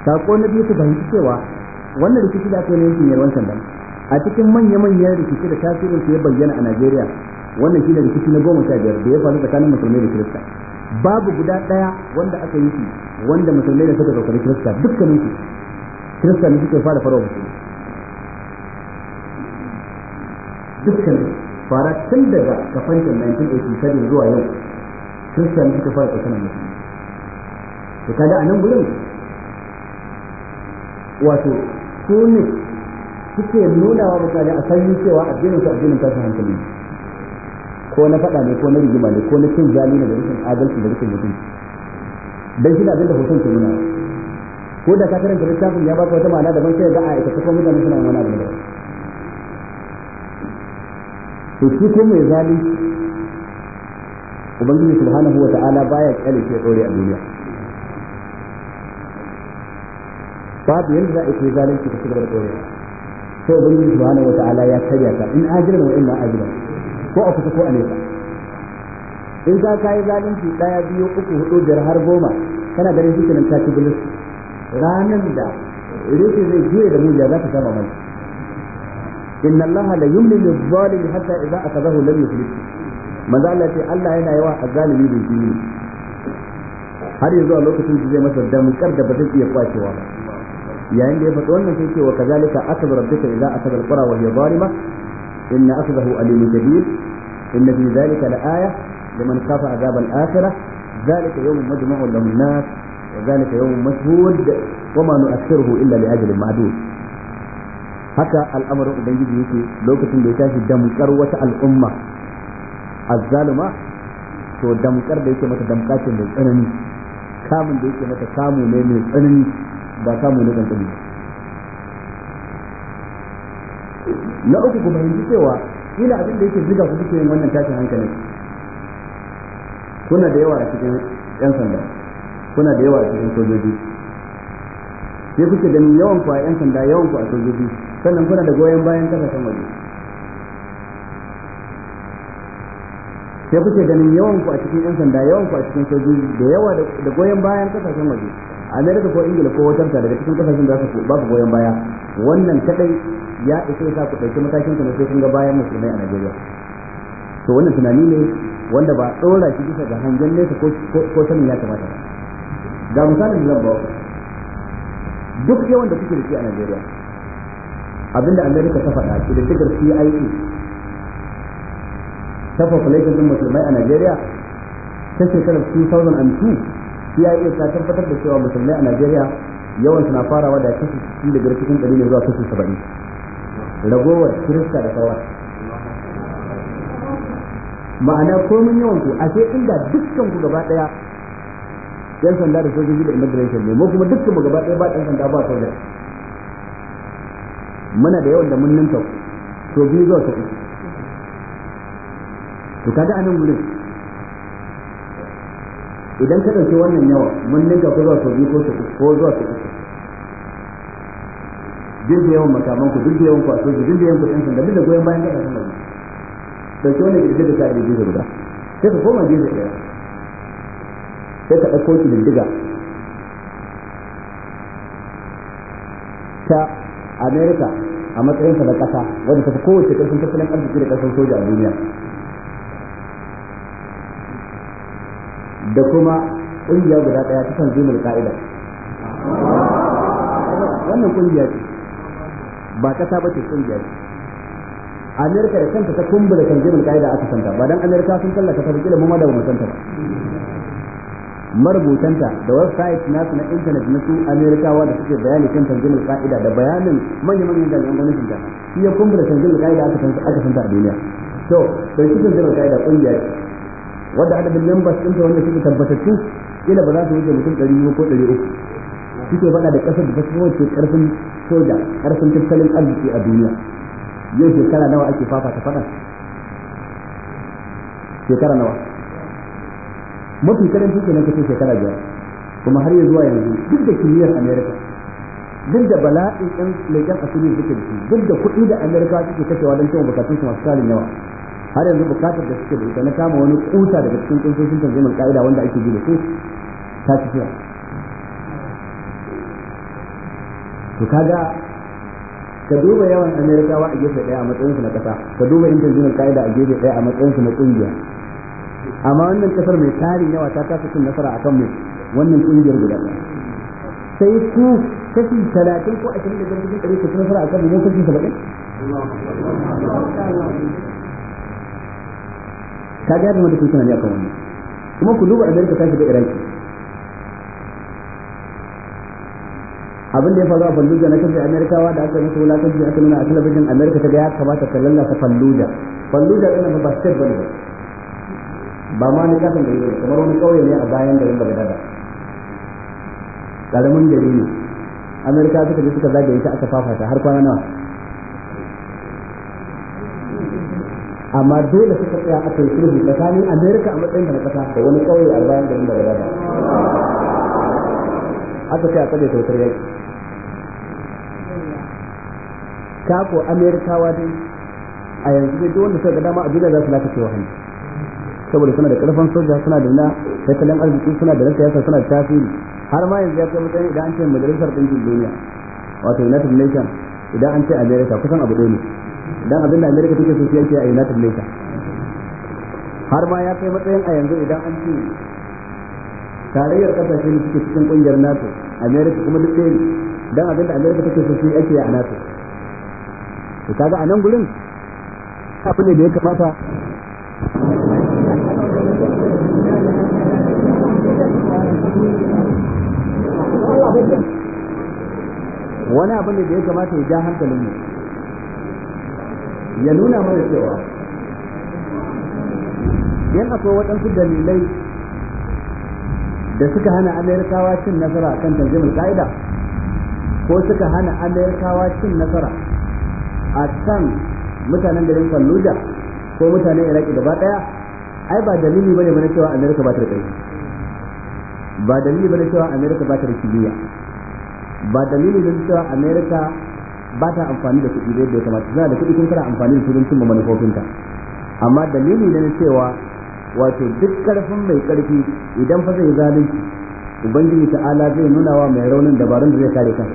sako na biyu su fahimci cewa wannan rikici da aka yi yankin yarwan sandan a cikin manya-manyan rikici da tasirin su ya bayyana a Najeriya wannan shine rikici na goma sha biyar da ya faru tsakanin musulmai da kirista babu guda ɗaya wanda aka yi shi wanda musulmai da suka zaukari kirista dukkanin su kirista ne suke fara farawa musulmi dukkanin fara tun daga kafancin 1987 zuwa yau kiristiyani suka fara tsokanar musulmi to kada a nan gurin wato su ne suke nuna wa mutane a yi cewa addinin su addinin tashin hankali ko na faɗa ne ko na rigima ne ko na cin jali ne da rikin adalci da rikin mutunci dan shi na abin da hoton ke nuna ko da ka karanta littafin ya baka wata ma'ana daban sai ga a ita ko mutane suna yin wani abu ba, to shi ko mai zalunci ubangiji subhanahu wa ta'ala baya kyale shi dore a duniya babu yanda za a yi zalunci ka cigaba da dore sai ubangiji subhanahu wa ta'ala ya karya ka in ajiran wa illa ajiran ko a kusa ko a nesa in ka kayi zalunci daya biyu uku hudu biyar har goma kana ganin shi kenan ta ci bilis ranan da rufe zai juya da mujiya za ta sama mai inna allaha la yumli lil zalimi hatta idza akadahu lam yuflih manzo Allah ce Allah yana yawa a zalimi da jini har yanzu a lokacin da zai masa damkar da ba zai iya kwacewa ba yayin da ya faɗi wannan sai ce wa kazalika akbar rabbika idza akaba alqura wa hiya zalima in akhdahu alimun jadid inna fi dhalika laaya liman khafa azab al-akhirah ذلك يوم مجمع له الناس وذلك يوم مشهود وما نؤخره الا لاجل معدود haka al'amarin ubangiji yake lokacin da ya tashi damkar wata al'umma azzaluma to damkar da yake mata damka ce mai tsanani kamun da yake mata kamu ne mai tsanani ba kamu ne tsanani na uku kuma fahimci cewa ina abin da yake ziga kuke yin wannan tashin hankalin kuna da yawa a cikin yan sanda kuna da yawa a cikin sojoji sai kuke ganin yawan ku a yan sanda yawan ku a sojoji sannan kuna da goyon bayan kasashen waje sai kuke ganin yawan ku a cikin yan sanda yawan ku a cikin sojoji da yawa da goyon bayan kasashen waje amerika ko ingila ko wata daga cikin kasashen da su ba ku goyon baya wannan kadai ya isa ya sa ku ɗauki matakin ku na sai kun ga bayan musulmai a najeriya to wannan tunani ne wanda ba tsora shi bisa ga hangen nesa ko sanin ya kamata ba ga misalin da zan ba duk yawan da kuke da shi a najeriya abinda amerika ta faɗa ki da shigar cia e, ta population din musulmai a Najeriya ta shekarar 2002 ya iya ta tabbatar da cewa musulmai a Najeriya yawan na farawa da kashi da daga cikin dari ne zuwa kashi 70 ragowar kirista da sauran ma'ana komin yawan ku a sai inda dukkan ku gaba daya yan sanda da sojoji da immigration ne mu kuma dukkan mu gaba daya ba dan sanda ba soja muna da yawan da mun ninka to biyu zuwa ta to kaga anan gurin idan ka ɗauki wannan yawa mun ninka ko zuwa sau biyu ko sau ko zuwa sau uku duk da yawan makaman ku duk da yawan ku a duk da yawan ku ɗan sanda duk da goyon bayan ƙasa da rabu ɗauki wannan ƙirƙir da sa'adi biyu da guda sai ka koma biyu da ɗaya sai ka ɗauko ƙididdiga ta amerika a matsayin matsayinsa na ƙasa wadda ta fi kowace ƙarfin tattalin arziki da ƙarfin soja a duniya da kuma ƙungiya guda ɗaya ta tanzimul ka'ida wannan ƙungiya ce ba kasa ba ce ƙungiya ce amerika da kanta ta kumbura tanzimul ka'ida aka santa ba dan amerika sun tallata ta kila mu da da mu santa ba marubutanta da website nasu na intanet na su amerikawa da suke bayani kan tanzimul ka'ida da bayanin manyan manyan jami'an gwamnatin da shi ya kumbura tanzimul ka'ida aka santa a duniya to bai shi tanzimul ka'ida ƙungiya ce wanda adadin members din da wanda suke tabbatattu kila ba za su wuce mutum 200 ko 300 suke faɗa da kasar da ta kowace karfin soja karfin tattalin arziki a duniya yau shekara nawa ake fafata faɗa shekara nawa mafi karanci kenan kace shekara biyar kuma har ya zuwa yanzu duk da kimiyyar america duk da bala'in yan leƙen asiri suke da duk da kuɗi da america suke kashewa don cewa bukatun su masu tarin yawa har yanzu bukatar da suke da ita na kama wani kusa daga cikin kunsoshin tarjumar ka'ida wanda ake bi da su ta ci kira to kaga ka duba yawan amerikawa a gefe daya a matsayin su na kasa ka duba yin tarjumar ka'ida a gefe daya a matsayin su na kungiya amma wannan kasar mai tarin yawa ta kasa cin nasara kan mai wannan kungiyar guda sai ku kashi talatin ko ashirin da jirgin ɗari ka cin nasara a akan mu kashi saba'in ka ga da mutum tunani akan wannan kuma ku duba amerika ta shiga iraki abin da ya faru a fallujah na kashe amerikawa da aka musu wulakanci aka nuna a talabijin amerika ta ga ya kamata ta lallata fallujah fallujah ɗin ba basket bane ba ba ma ne kasan yi ne kamar wani kauye ne a bayan garin bagdada ƙaramin gari ne amerika suka je suka zagaye ta aka fafata har kwana nawa amma dole suka tsaya a yi sulhu tsakanin amerika a matsayin da na kasa da wani kauye a bayan garin da gaba aka ce a tsare sautar ta kako amerikawa dai a yanzu dai duk wanda suka ga dama a duniya za su lafi cewa hannu saboda suna da karfin soja suna da na tattalin arziki suna da rasa yasa suna da tasiri har ma yanzu ya kai mutane idan an ce majalisar ɗinkin duniya wato united nations idan an ce america kusan abu ɗaya ne dan abin da Amerika take so sai a United Nations har ma ya kai matsayin a yanzu idan an ce tarayyar kasashen suke cikin kungiyar NATO Amerika kuma duk ɗaya dan abin da Amerika take so sai ake a NATO to kaga a nan gurin abin da ya kamata wani abin da ya kamata ya ja hankalin mu ya nuna mana cewa yan akwai waɗansu dalilai da suka hana amerikawa cin nasara a kan tanzimin ka'ida ko suka hana amerikawa cin nasara a kan mutanen garin fallujah ko mutanen iraki gaba ɗaya ai ba dalili bane mana cewa amerika ba ta da ba dalili bane cewa amerika ba ta da ba dalili bane cewa amerika ba ta amfani da kuɗi da yadda ya kamata tana da kuɗi kun kana amfani da su don cimma manufofinta amma dalili ne cewa wato duk karfin mai karfi idan fa zai zalunci ubangiji ta'ala zai nuna wa mai raunin dabarun da zai kare kansa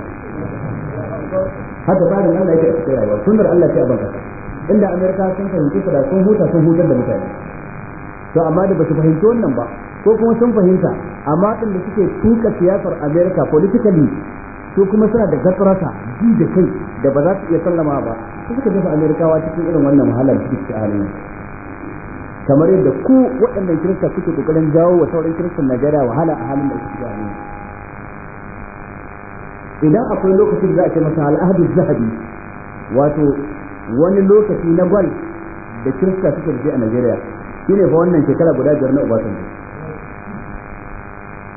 haka tsarin Allah yake a cikin rayuwa sunnar Allah ce a banka inda Amerika sun fahimci da sun huta sun hutar da mutane to amma da basu fahimci wannan ba ko kuma sun fahimta amma din da suke tuka siyasar Amerika politically su kuma suna da gatsarata ji da kai da ba za su iya sallama ba su suka jefa amerikawa cikin irin wannan wahalar da suke halin kamar yadda ku waɗannan kirista kuke kokarin jawo wa sauran kiristan najeriya wahala a halin da suke halin idan akwai lokacin za a ce masa al'adu zahabi wato wani lokaci na gwal da kirista suka je a najeriya shine fa wannan shekara guda biyar na obasanjo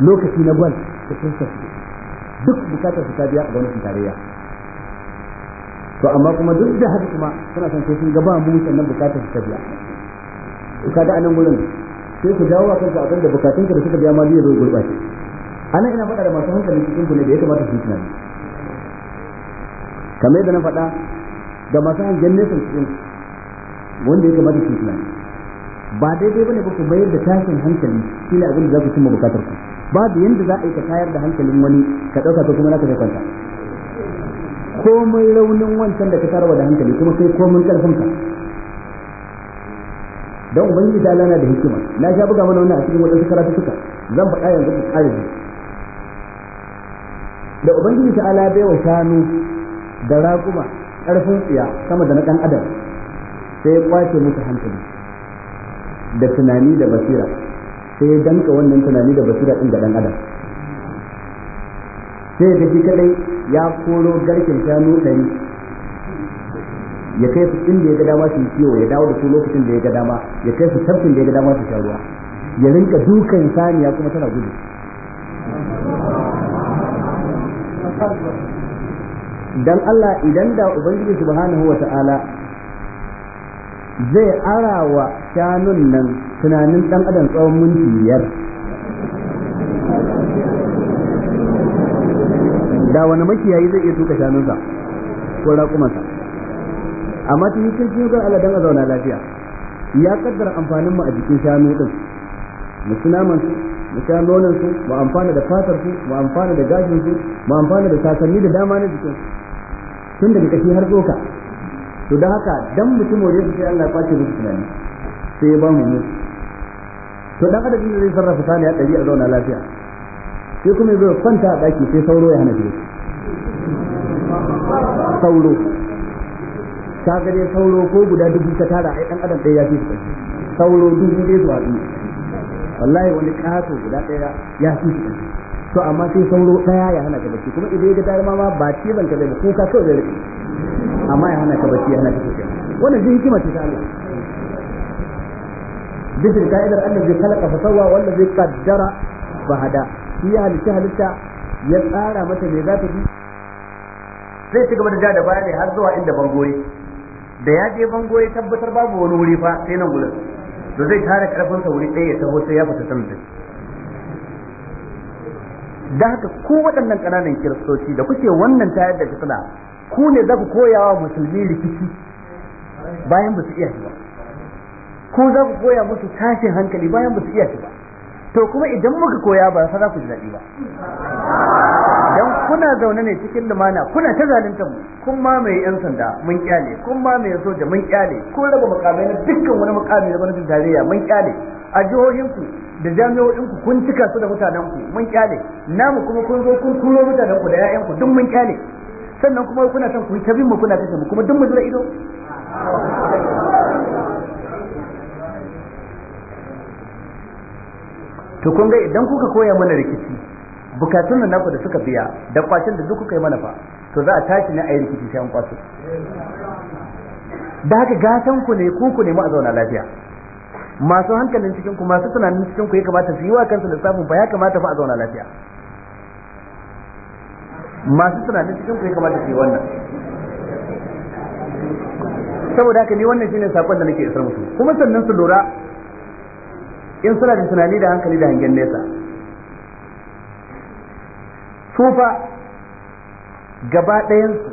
lokaci na gwal da kirista suke duk bukatar su ta biya a gwamnatin tarayya to amma kuma duk da haka kuma suna son sai sun gaba mu sannan bukatar su ta biya to kada anan gurin sai ku dawo kanka da bukatun ka da suka biya ma zai zo gurbace anan ina faɗa da masu hankali cikin ku ne da ya kamata su tunani kamar yadda na faɗa ga masu hangen nesa cikin wanda ya kamata su tunani ba daidai bane ba ku bayar da tashin hankali shine abin da za ku cimma bukatar ku babu yadda za a yi ka tayar da hankalin wani ka ɗauka ko kuma ka zai kwanta komai raunin wancan da ka tarwa da hankali kuma sai komai ƙarfinka Don ubangiji ta lana da hikima na sha buga mana wani a cikin wadansu karatu suka zan faɗa yanzu ku ƙara da ubangiji ta ala bai wa shanu da raƙuma ƙarfin tsiya sama da na ɗan adam sai ya kwace musu hankali da tunani da basira sai ya danka wannan tunani da basira din ga dan adam sai da shi kadai ya koro garkin shanu ɗari ya kai su inda ya ga dama su kiwo ya dawo da su lokacin da ya ga dama ya kai su tafkin da ya ga dama su ruwa ya rinka dukan saniya kuma tana gudu dan Allah idan da ubangiji subhanahu wa ta'ala zai ara wa shanun nan tunanin dan adam tsawon minti biyar da wani makiyayi zai iya tuka shanunsa ko raƙumansa amma yi cikin kan Allah a zauna lafiya ya kaddara amfanin mu a jikin shanu din mu tunaman su mu sha mu amfana da fatar su mu amfana da gashin su mu amfana da sasanni da dama na jikin tun daga kashi har tsoka to da haka dan mutum wanda sai Allah ya kwace musu tunani sai ya ba mu mutu. to dan adam ne zai sarrafa sani a ɗari a zauna lafiya sai kuma zai kwanta a ɗaki sai sauro ya hana shi sauro ka ga dai sauro ko guda dubu ka tara ai dan adam ɗaya ya fi su sauro dubu dai zuwa biyu wallahi wani ƙato guda ɗaya ya fi shi to amma sai sauro ɗaya ya hana ka kuma idan ya ga dama ba ce ban ka zai ba kuka kawai zai rike amma ya hana ka bacci ya hana ka tafiya wannan zai hikima ce ta Allah bisa ka'idar Allah zai khalaqa fa sawwa wanda zai qaddara fa hada shi ya halitta halitta ya tsara mata me za ta bi zai ci gaba da da baya ne har zuwa inda bangoye da ya je bangoye tabbatar babu wani wuri fa sai nan gurin to zai tara karfinsa wuri ɗaya ya taho sai ya fita san da haka ko waɗannan ƙananan kiristoci da kuke wannan tayar da fitila ku ne za ku koya wa musulmi rikici bayan ba su iya shi ba ku za ku koya musu tashin hankali bayan ba su iya shi ba to kuma idan muka koya ba fa za ku ji daɗi ba dan kuna zaune ne cikin lumana kuna ta zalunta mu kun mamaye yan sanda mun kyale kun mamaye soja mun kyale kun raba makamai na dukkan wani makami na wani tarayya mun kyale a jihohinku da jami'o'inku kun cika su da mutanenku mun kyale namu kuma kun zo kun kuro mutanenku da 'ya'yanku duk mun kyale sannan kuma kuna son ku ta bin mu kuna kashe mu kuma duk mu zai ido to kun ga idan kuka koya mana rikici bukatun nan naku da suka biya da kwacin da duk kuka yi mana fa to za a tashi ne a yi rikici sai an kwaso da haka gatan ku ne ku ku mu a zauna lafiya masu hankalin cikin ku masu tunanin cikin ku ya kamata su yi wa kansu lissafin fa ya kamata fa a zauna lafiya masu tunanin cikin ku ya kamata su yi wannan saboda haka ni wannan shine sakon da nake isar musu kuma sannan su lura in suna da tunani da hankali da hangen nesa fa gaba ɗayansu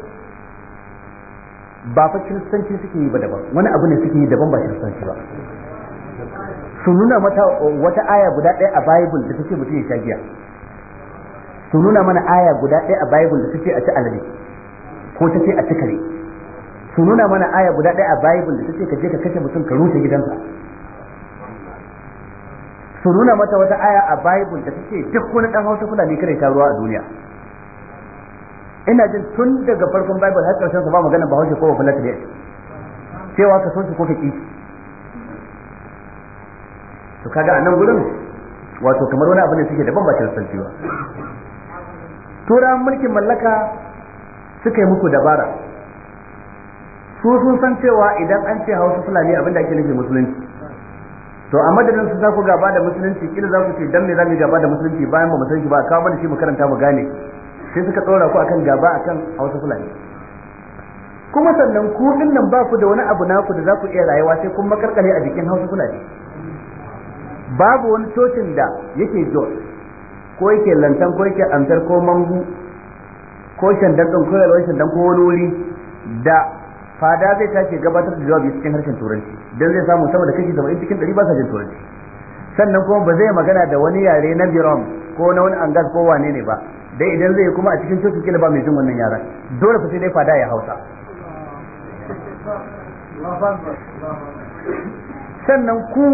ba fa kiristanci suke yi ba daban wani abu ne suke yi daban ba kiristanci ba su nuna wata aya guda ɗaya a bible da ta ce mutum ya sha giya su nuna mana aya guda ɗaya a bible da suke a ci alade ko ta ce a ci kare su nuna mana aya guda ɗaya a bible da suke ka je ka kashe mutum ka rushe gidansa su nuna mata wata aya a bible da suke duk wani ɗan hausa ne kare ta ruwa a duniya ina jin tun daga farkon bible har ƙarshen sa ba magana ba hausa ko ba fulani da cewa ka so shi ko ka ki to kaga a nan gurin wato kamar wani abu ne suke daban ba ta ba turawan mulkin mallaka suka yi muku dabara su sun san cewa idan an ce hausa fulani abin da ake nufi musulunci to a madadin su za ku gaba da musulunci kila za ku ce dan me za mu gaba da musulunci bayan ba mu san shi ba kawo mana shi mu karanta mu gane sai suka tsora ku akan gaba akan hausa fulani kuma sannan ku nan ba ku da wani abu naku da za ku iya rayuwa sai kun makarkare a jikin hausa fulani babu wani cocin da yake jos ko yake lantan ko yake amsar ko mangu ko shandan ɗin ko yalwar shandan ko wani wuri da fada zai tashi gabatar da jawabi cikin harshen turanci don zai samu sama da kashi saba'in cikin ɗari ba sa jin turanci sannan kuma ba zai magana da wani yare na biram ko na wani angas ko wane ne ba dai idan zai kuma a cikin cikin ba mai jin wannan yaran dole fa sai dai fada ya hausa sannan ku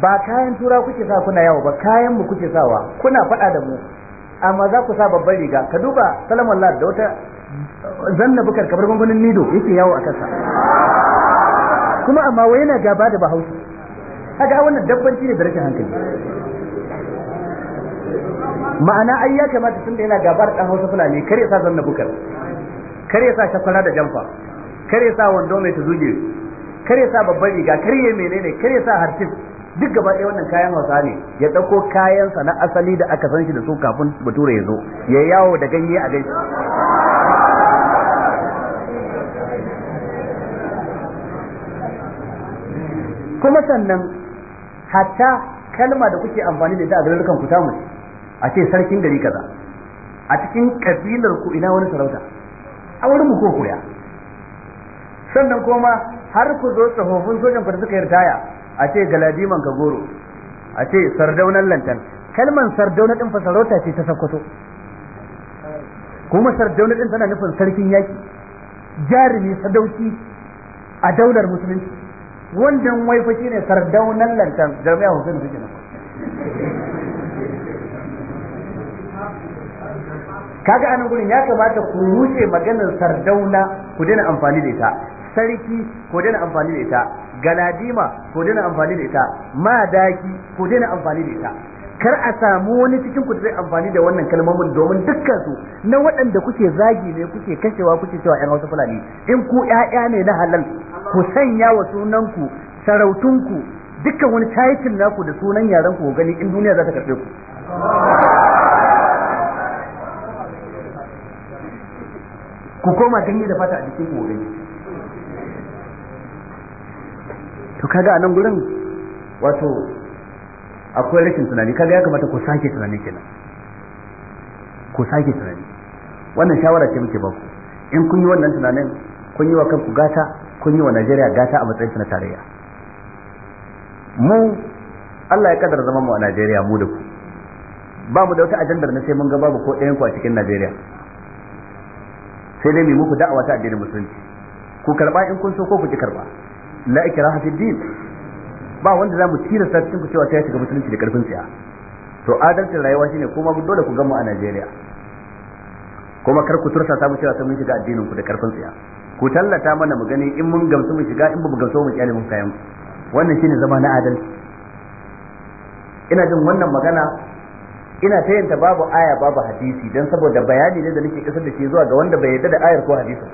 ba kayan tura kuke sa kuna yawo ba kayan mu kuke sawa kuna faɗa da mu amma za ku sa babban riga ka duba salamun lad da wata zanna bukar kamar gungunin nido yake yawo a kasa kuma amma wai yana gaba da bahaushe haka wannan dabbanci ne da rashin hankali ma'ana ai ya kamata tun da yana gabar dan Hausa Fulani kar ya sa zanna bukar kar ya sa shakwara da jamfa kar ya sa wando mai ta zuge kar ya sa babban riga kar ya menene kar ya sa hartif duk gaba ɗaya wannan kayan hausa ne ya ɗauko kayansa na asali da aka san shi da su kafin bature ya zo ya yawo da ganye a gaisu. kuma sannan hatta kalma da kuke amfani da ita a garurukan ku tamu a ce sarkin gari kaza a cikin kabilar ku ina wani sarauta a wurin mu ko kuya sannan kuma har ku zo tsofaffin sojan ku da suka yi a ce galadiman ka goro a ce sardaunan lantan kalman sardauna din fasarauta ce ta sakkwato kuma sardauna din tana nufin sarkin yaki jarumi sadauki a daular musulunci wannan waifa shine sardaunan lantan jami'a hussein suke nan kaga anan gurin ya kamata ku wuce maganar sardauna ku daina amfani da ita sarki ku daina amfani da ita galadima ko dena amfani da ita madaki ko dena amfani da ita kar a samu wani cikin ku zai amfani da wannan kalmomin domin dukkan su na waɗanda kuke zagi ne kuke kashewa kuke cewa ƴan Hausa Fulani in ku ƴaƴa ne na halal ku sanya wa sunan ku sarautun ku dukkan wani taitin naku da sunan yaran ku gani in duniya za ta karbe ku ku koma ganye da fata a jikinku ku gani to kaga a nan gurin wato akwai rashin tunani kaga ya kamata ku sake tunani kenan ku sake tunani wannan shawara ce muke baku in kun yi wannan tunanin kun yi wa kanku gata kun yi wa Najeriya gata a matsayin na tarayya mu Allah ya kadar zaman mu a Najeriya mu da ku ba mu da wata ajandar na sai mun ga babu ko ɗayan ku a cikin Najeriya sai dai mu muku da'awa ta addinin musulunci ku karba in kun so ko ku ki karba la ikraha fid din ba wanda zamu tilasta cikin ku cewa sai ya shiga musulunci da karfin siya to adalcin rayuwa shine kuma dole ku gama a Najeriya kuma kar ku tursa ta mu cewa sai mun shiga addinin ku da karfin siya ku tallata mana mu gani in mun gamsu mu shiga in ba mu gamsu mu kyale mun kayan wannan shine zama na adalci ina jin wannan magana ina ta babu aya babu hadisi dan saboda bayani ne da nake kasar da ke zuwa ga wanda bai yarda da ayar ko hadisin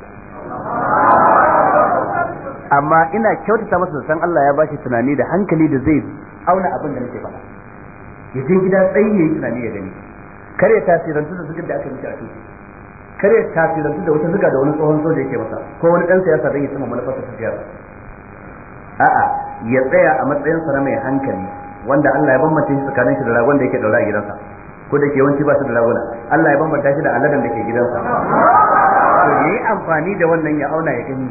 amma ina kyautata masa da san Allah ya bashi tunani da hankali da zai auna abin da nake faɗa ya je gida tsayi yayi tunani ya gani kar ya tasirantu da zuga da aka mishi a tuki kar ya tasirantu da wata zuga da wani tsohon soja yake masa ko wani dan siyasa zai ya sama fasa tafiyar a'a ya tsaya a matsayin sa na mai hankali wanda Allah ya bambanta shi tsakanin shi da ragon da yake daura a gidansa ko da ke yawanci ba su da raguna Allah ya bambanta shi da aladan da ke gidansa to yayi amfani da wannan ya auna ya gani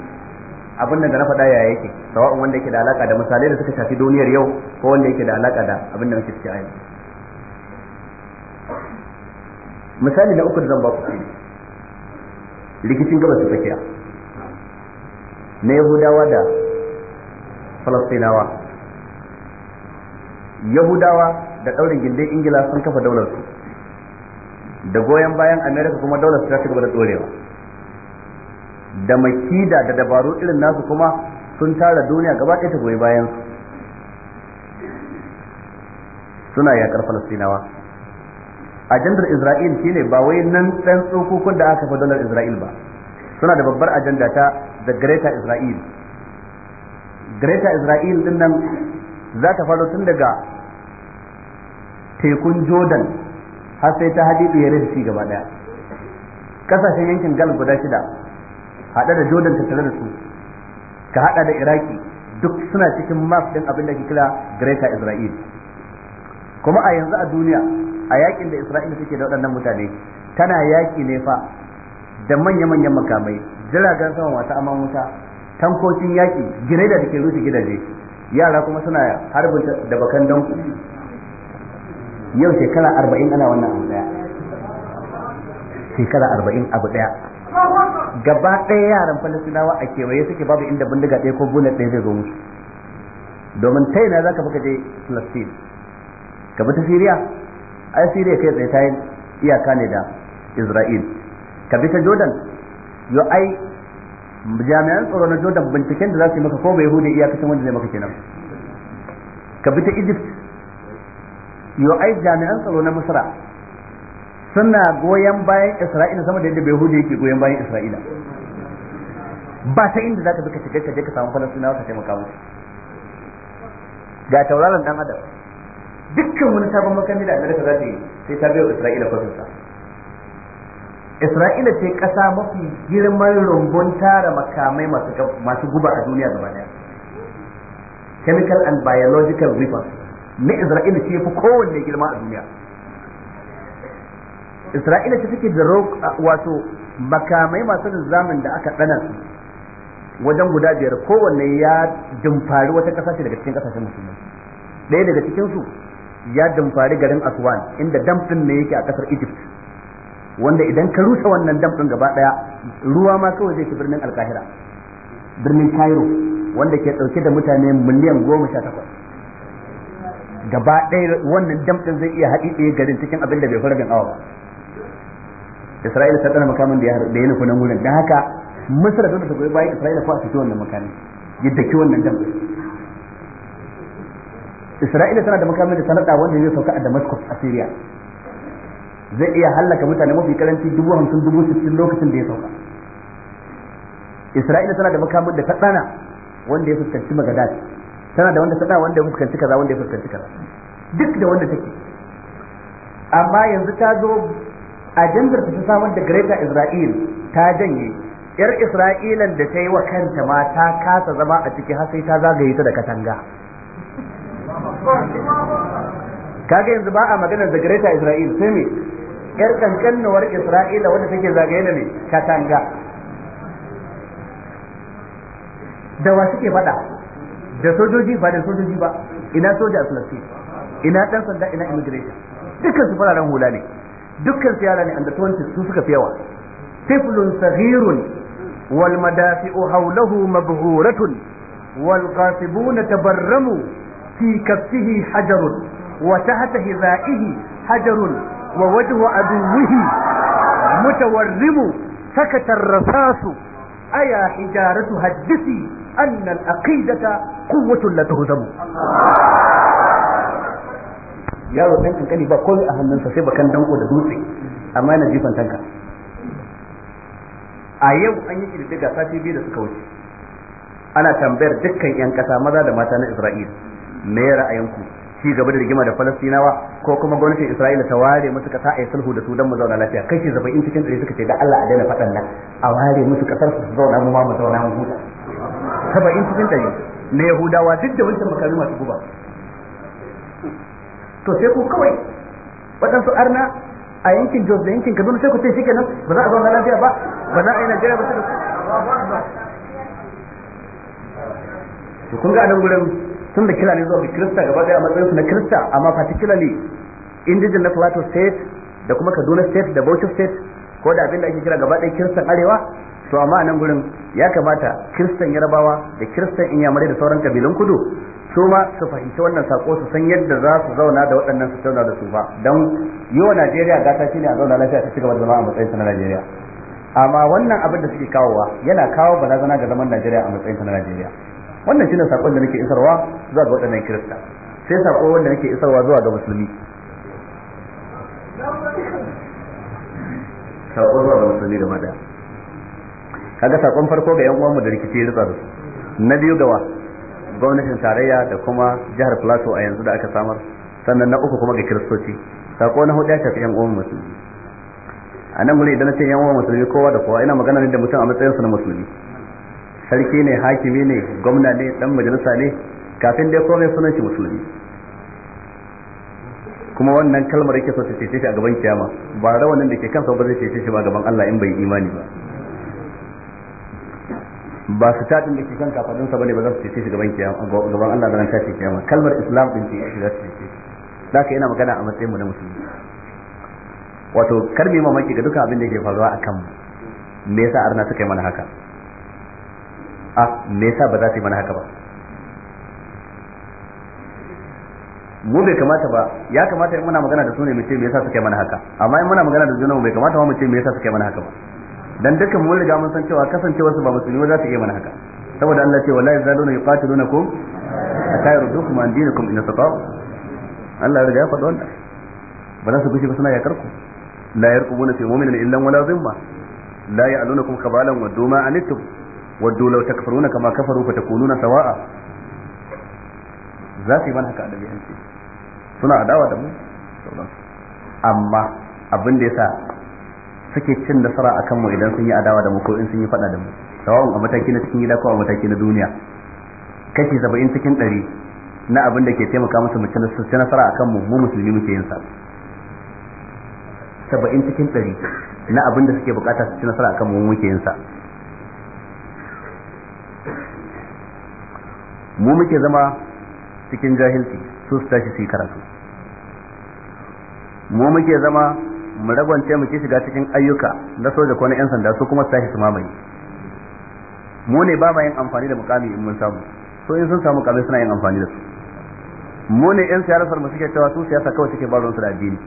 abin da na faɗa ya yake sawa'un wanda yake da alaka da misalai da suka shafi duniyar yau ko wanda yake da alaka da abin da muke ciki a yau misali na uku da zan ba ku shi rikicin gabas ta tsakiya na yahudawa da falastinawa yahudawa da ɗaurin gindin ingila sun kafa daular su da goyon bayan amerika kuma daular su ta ci gaba da ɗorewa da makida da dabaru irin nasu kuma sun tara duniya gaba ɗaya ta goyi bayan su suna yakar falastinawa ajandar isra'il shine ba wai nan ɗan tsokokon da aka fi dolar isra'il ba suna da babbar ajanda ta da greater isra'il greater isra'il din nan za ta faru tun daga tekun jordan har sai ta hadi da shi gaba ɗaya. kasashen yankin gal guda shida hada da jordan ta tare da su ka hada da iraki duk suna cikin map din abin da ke kira greater israel kuma a yanzu a duniya a yakin da isra'ila suke da waɗannan mutane tana yaki ne fa da manya-manyan makamai jiragen sama masu aman wuta tankokin yaki gine da take rufe gidaje yara kuma suna harbin da bakan danku yau shekara arba'in ana wannan abu daya shekara arba'in abu daya gaba ɗaya yaran Falasinawa a kewaye suke babu inda bindiga ɗaya ko bulat ɗaya zai zo musu domin ta yana za ka fi je falastin ka bi ta siriya ai siriya kai tsaye ta iyaka ne da isra'il ka bi ta jordan yo ai jami'an tsaro na jordan binciken da za su yi maka ko bai hude iyakacin wanda zai maka kenan ka bi ta egypt yo ai jami'an tsaro na masara suna goyon bayan isra'ila sama da yadda bai hudu yake goyon bayan isra'ila ba ta inda za ka bi ka shiga ka je ka samu falastinawa ka taimaka musu ga tauraron dan adam dukkan wani sabon makami da amerika za ta yi sai ta biyo wa isra'ila sa. isra'ila ce kasa mafi girman rumbun tara makamai masu guba a duniya gaba daya chemical and biological weapons na isra'ila ce fi kowanne girma a duniya isra'ila ta take da wato makamai masu zamin da aka ɗana wajen guda biyar kowanne ya dumfari wata kasa ce daga cikin kasashen musulmi ɗaya daga cikinsu ya dumfari garin aswan inda dam damfin ne yake a kasar egypt wanda idan ka rusa wannan damfin gaba ɗaya ruwa ma kawai zai shi birnin alkahira birnin cairo wanda ke ɗauke da mutane miliyan goma sha takwas gaba ɗaya wannan damfin zai iya haɗi ɗaya garin cikin abin da bai fara bin awa ba Isra'ila ta tsara makamin da ya nufi nan wurin da haka masar da ta goyi bayan Isra'ila ko a fito wannan makamin yadda ki wannan dan Isra'ila tana da makamin da sanada wanda zai sauka a Damascus a Syria zai iya halaka mutane mafi karanci dubu hamsin dubu sittin lokacin da ya sauka Isra'ila tana da makamin da ta tsana wanda ya fuskanci magadat tana da wanda ta tsana wanda ya fuskanci kaza wanda ya fuskanci kaza duk da wanda take amma yanzu ta zo ajandar ta samar da greta Israel ta janye yar Isra'ilan da ta yi wa kanta ma ta kasa zama a ciki har sai ta zagaye ta da katanga kaga yanzu ba a maganar da greta Israel sai me yar kankanuwar Isra'ila wadda take zagaye da me katanga da wa suke faɗa da sojoji ba da sojoji ba ina soja a Palestine ina dan sanda ina immigration dukkan su fararen hula ne dukkan su yara ne under su suka fi yawa tiflun saghirun wal madafi'u hawlahu mabhuratun wal qasibuna tabarramu fi kaffihi hajarun wa tahta hizaihi hajarun wa wajhu aduwwihi mutawarrimu sakata rasasu aya hijaratu haddisi anna al-aqidata quwwatun la tuhzamu yaro dan kankani ba kowai a hannunsa sai bakan danko da dutse amma yana jifan tanka a yau an yi kididdiga sati biyu da suka wuce ana tambayar dukkan yan kasa maza da mata na Isra'ila me ra'ayinku ci gaba da rigima da Falastinawa ko kuma gwamnatin Isra'ila ta ware musu kasa a yi sulhu da su don mu zauna lafiya kai ke zaba in cikin dare suka ce da Allah a daina faɗan nan a ware musu kasar su zauna mu ma mu zauna mu huta saba in cikin dare na Yahudawa duk da wancan makami masu guba to sai ku kawai waɗansu arna a yankin Jos da yankin Kaduna sai ku ce shikenan ba za a zauna lafiya ba ba za a yi Najeriya ba sai to kun ga nan gurin tun da kilali zuwa ga Kirista gaba daya a matsayin na Kirista amma particularly indigenous Plateau state da kuma Kaduna state da Bauchi state ko da abin da ake kira gaba ɗaya kiristan arewa to amma a nan gurin ya kamata kiristan Yarabawa da kiristan inyamurai da sauran kabilun kudu su ma su fahimci wannan sako su san yadda za su zauna da waɗannan su zauna da su ba don yi wa najeriya gata ne a zauna lafiya ta cigaba da zama a matsayin na najeriya amma wannan abin da suke kawowa yana kawo barazana ga zaman najeriya a matsayin na najeriya wannan shine sakon da nake isarwa zuwa ga waɗannan kirista sai sako wanda nake isarwa zuwa ga musulmi sako zuwa ga musulmi gaba daya kaga sakon farko ga yan uwanmu da rikici ya su na biyu gawa gwamnatin tarayya da kuma jihar plateau a yanzu da aka samar sannan na uku kuma ga kiristoci sako na hudu ya shafi yan uwan musulmi a nan gudu idan na ce yan uwan musulmi kowa da kowa ina magana ne da mutum a su na musulmi sarki ne hakimi ne gwamna ne dan majalisa ne kafin dai komai sunan shi musulmi kuma wannan kalmar yake so ta cece shi a gaban kiyama ba wannan da ke kansa ba zai cece shi ba gaban Allah in bai imani ba ba su tatin da ke kan sa bane ba za su cece shi gaban kiyama gaban Allah da ran tashi kiyama kalmar islam din ce za su cece shi ka yana magana a matsayin mu na musulmi wato kar mu mamaki ga duka abin da yake faruwa a kanmu me yasa arna suka yi mana haka a me yasa ba za su yi mana haka ba mu bai kamata ba ya kamata in muna magana da su ne mu ce me yasa suka yi mana haka amma in muna magana da junanmu bai kamata ba mu ce me yasa suka yi mana haka ba dan dukkan mun riga mun san cewa kasancewar su ba musulmi za su iya mana haka saboda Allah ce wallahi zaluna yuqatilunakum hatta yurdukum an dinikum in istata'u Allah ya riga ya faɗa wannan ba za su gushi ba suna yakar ku la yarqubuna fi mu'minin illa wala zimma la ya'lunukum khabalan wa duma anittum waddu law takfuruna kama kafaru fatakununa sawa'a za su yi mana haka a dabi'ance suna adawa da mu amma abin da yasa suke cin nasara akan mu idan sun yi adawa da mu ko in sun yi fada da mu tawon a mataki na cikin gida ko a mataki na duniya kashi saba'in cikin ɗari na abin da ke taimaka musu mu ci nasara akan mu mu musulmi muke yin sa saba'in cikin ɗari na abin da suke bukata su ci nasara akan mu muke yin sa mu muke zama cikin jahilci su su tashi su yi karatu mu muke zama mu ragwance mu ki shiga cikin ayyuka na soja ko na yan sanda su kuma su tashi su mamaye mu ne ba ma yin amfani da mukami in mun samu so in sun samu kabe suna yin amfani da su mu ne yan siyasar mu suke cewa su siyasa kawai suke ruwan su da addini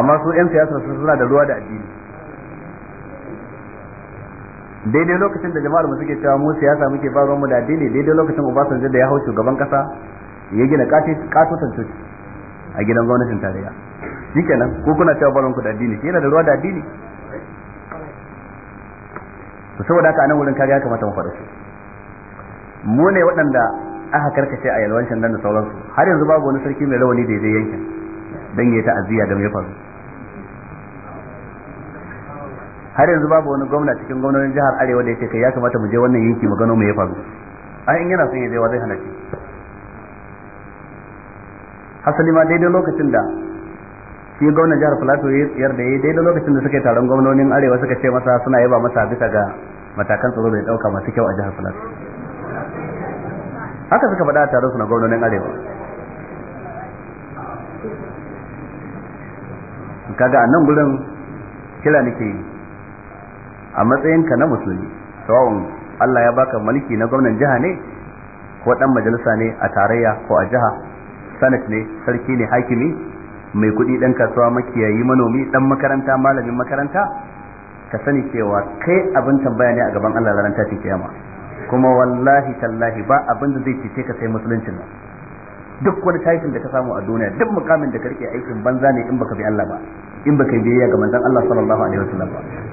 amma su yan siyasar su suna da ruwa da addini daidai lokacin da jama'ar mu suke cewa mu siyasa muke ba ruwan mu da addini daidai lokacin Obasanjo da ya hau shugaban kasa ya gina katotan coci a gidan gwamnatin tarayya shikenan ko kuna cewa ba ku da addini shi yana da ruwa da addini to saboda haka anan wurin kariya kamata mu faɗa su mu ne waɗanda aka karkace a yalwancin nan da sauransu har yanzu babu wani sarki mai rawani da ya yankin dan ya ta'aziyya da mai faru har yanzu babu wani gwamna cikin gwamnonin jihar arewa da yake kai ya kamata mu je wannan yanki mu gano me ya faru ai in yana son ya je wa zai hana shi hasali ma daidai lokacin da shi gwamna jihar plateau ya yarda ya daidai lokacin da suka yi taron gwamnonin arewa suka ce masa suna yaba masa bisa ga matakan tsaro da ya dauka masu kyau a jihar plateau haka suka faɗa a taron su na gwamnonin arewa kaga a nan gurin kira nake yi a matsayinka na musulmi sawa'un Allah ya baka mulki na gwamnan jiha ne ko dan majalisa ne a tarayya ko a jiha sanat ne sarki ne hakimi mai kuɗi dan kasuwa makiyayi manomi dan makaranta malamin makaranta ka sani cewa kai abin tambaya ne a gaban Allah ranar tashin kiyama kuma wallahi tallahi ba abin da zai cece ka sai musuluncin nan duk wani tashin da ka samu a duniya duk mukamin da ka rike aikin banza ne in baka bi Allah ba in baka biyayya ga manzon Allah sallallahu alaihi wasallam ba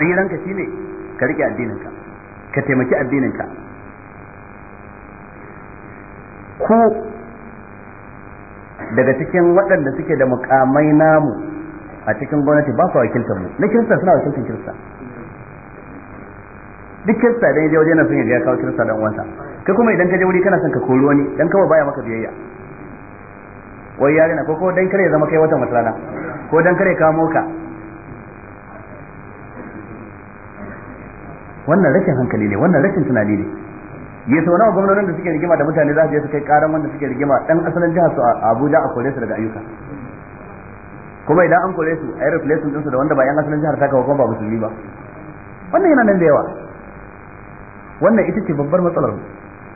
tsiranka ne ka rike addininka ka taimaki addininka ku daga cikin waɗanda suke da mukamai namu a cikin gwamnati ba su wakiltar mu na kirista suna wakiltar kirista duk kirista dan je waje na son ya kawo kirista dan uwansa kai kuma idan ka je wuri kana son ka kori wani dan kawai baya maka biyayya wai yare na ko ko dan kare ya zama kai wata matsala ko dan kare kawo ka wannan rashin hankali ne wannan rashin tunani ne ya sau nawa gwamnonin da suke rigima da mutane za su je su kai karan wanda suke rigima dan asalin jihar su a Abuja a kore su daga ayyuka kuma idan an kore su a yi replacement ɗinsu da wanda ba yan asalin jihar ta kawo kuma ba musulmi ba wannan yana nan da yawa wannan ita ce babbar matsalar mu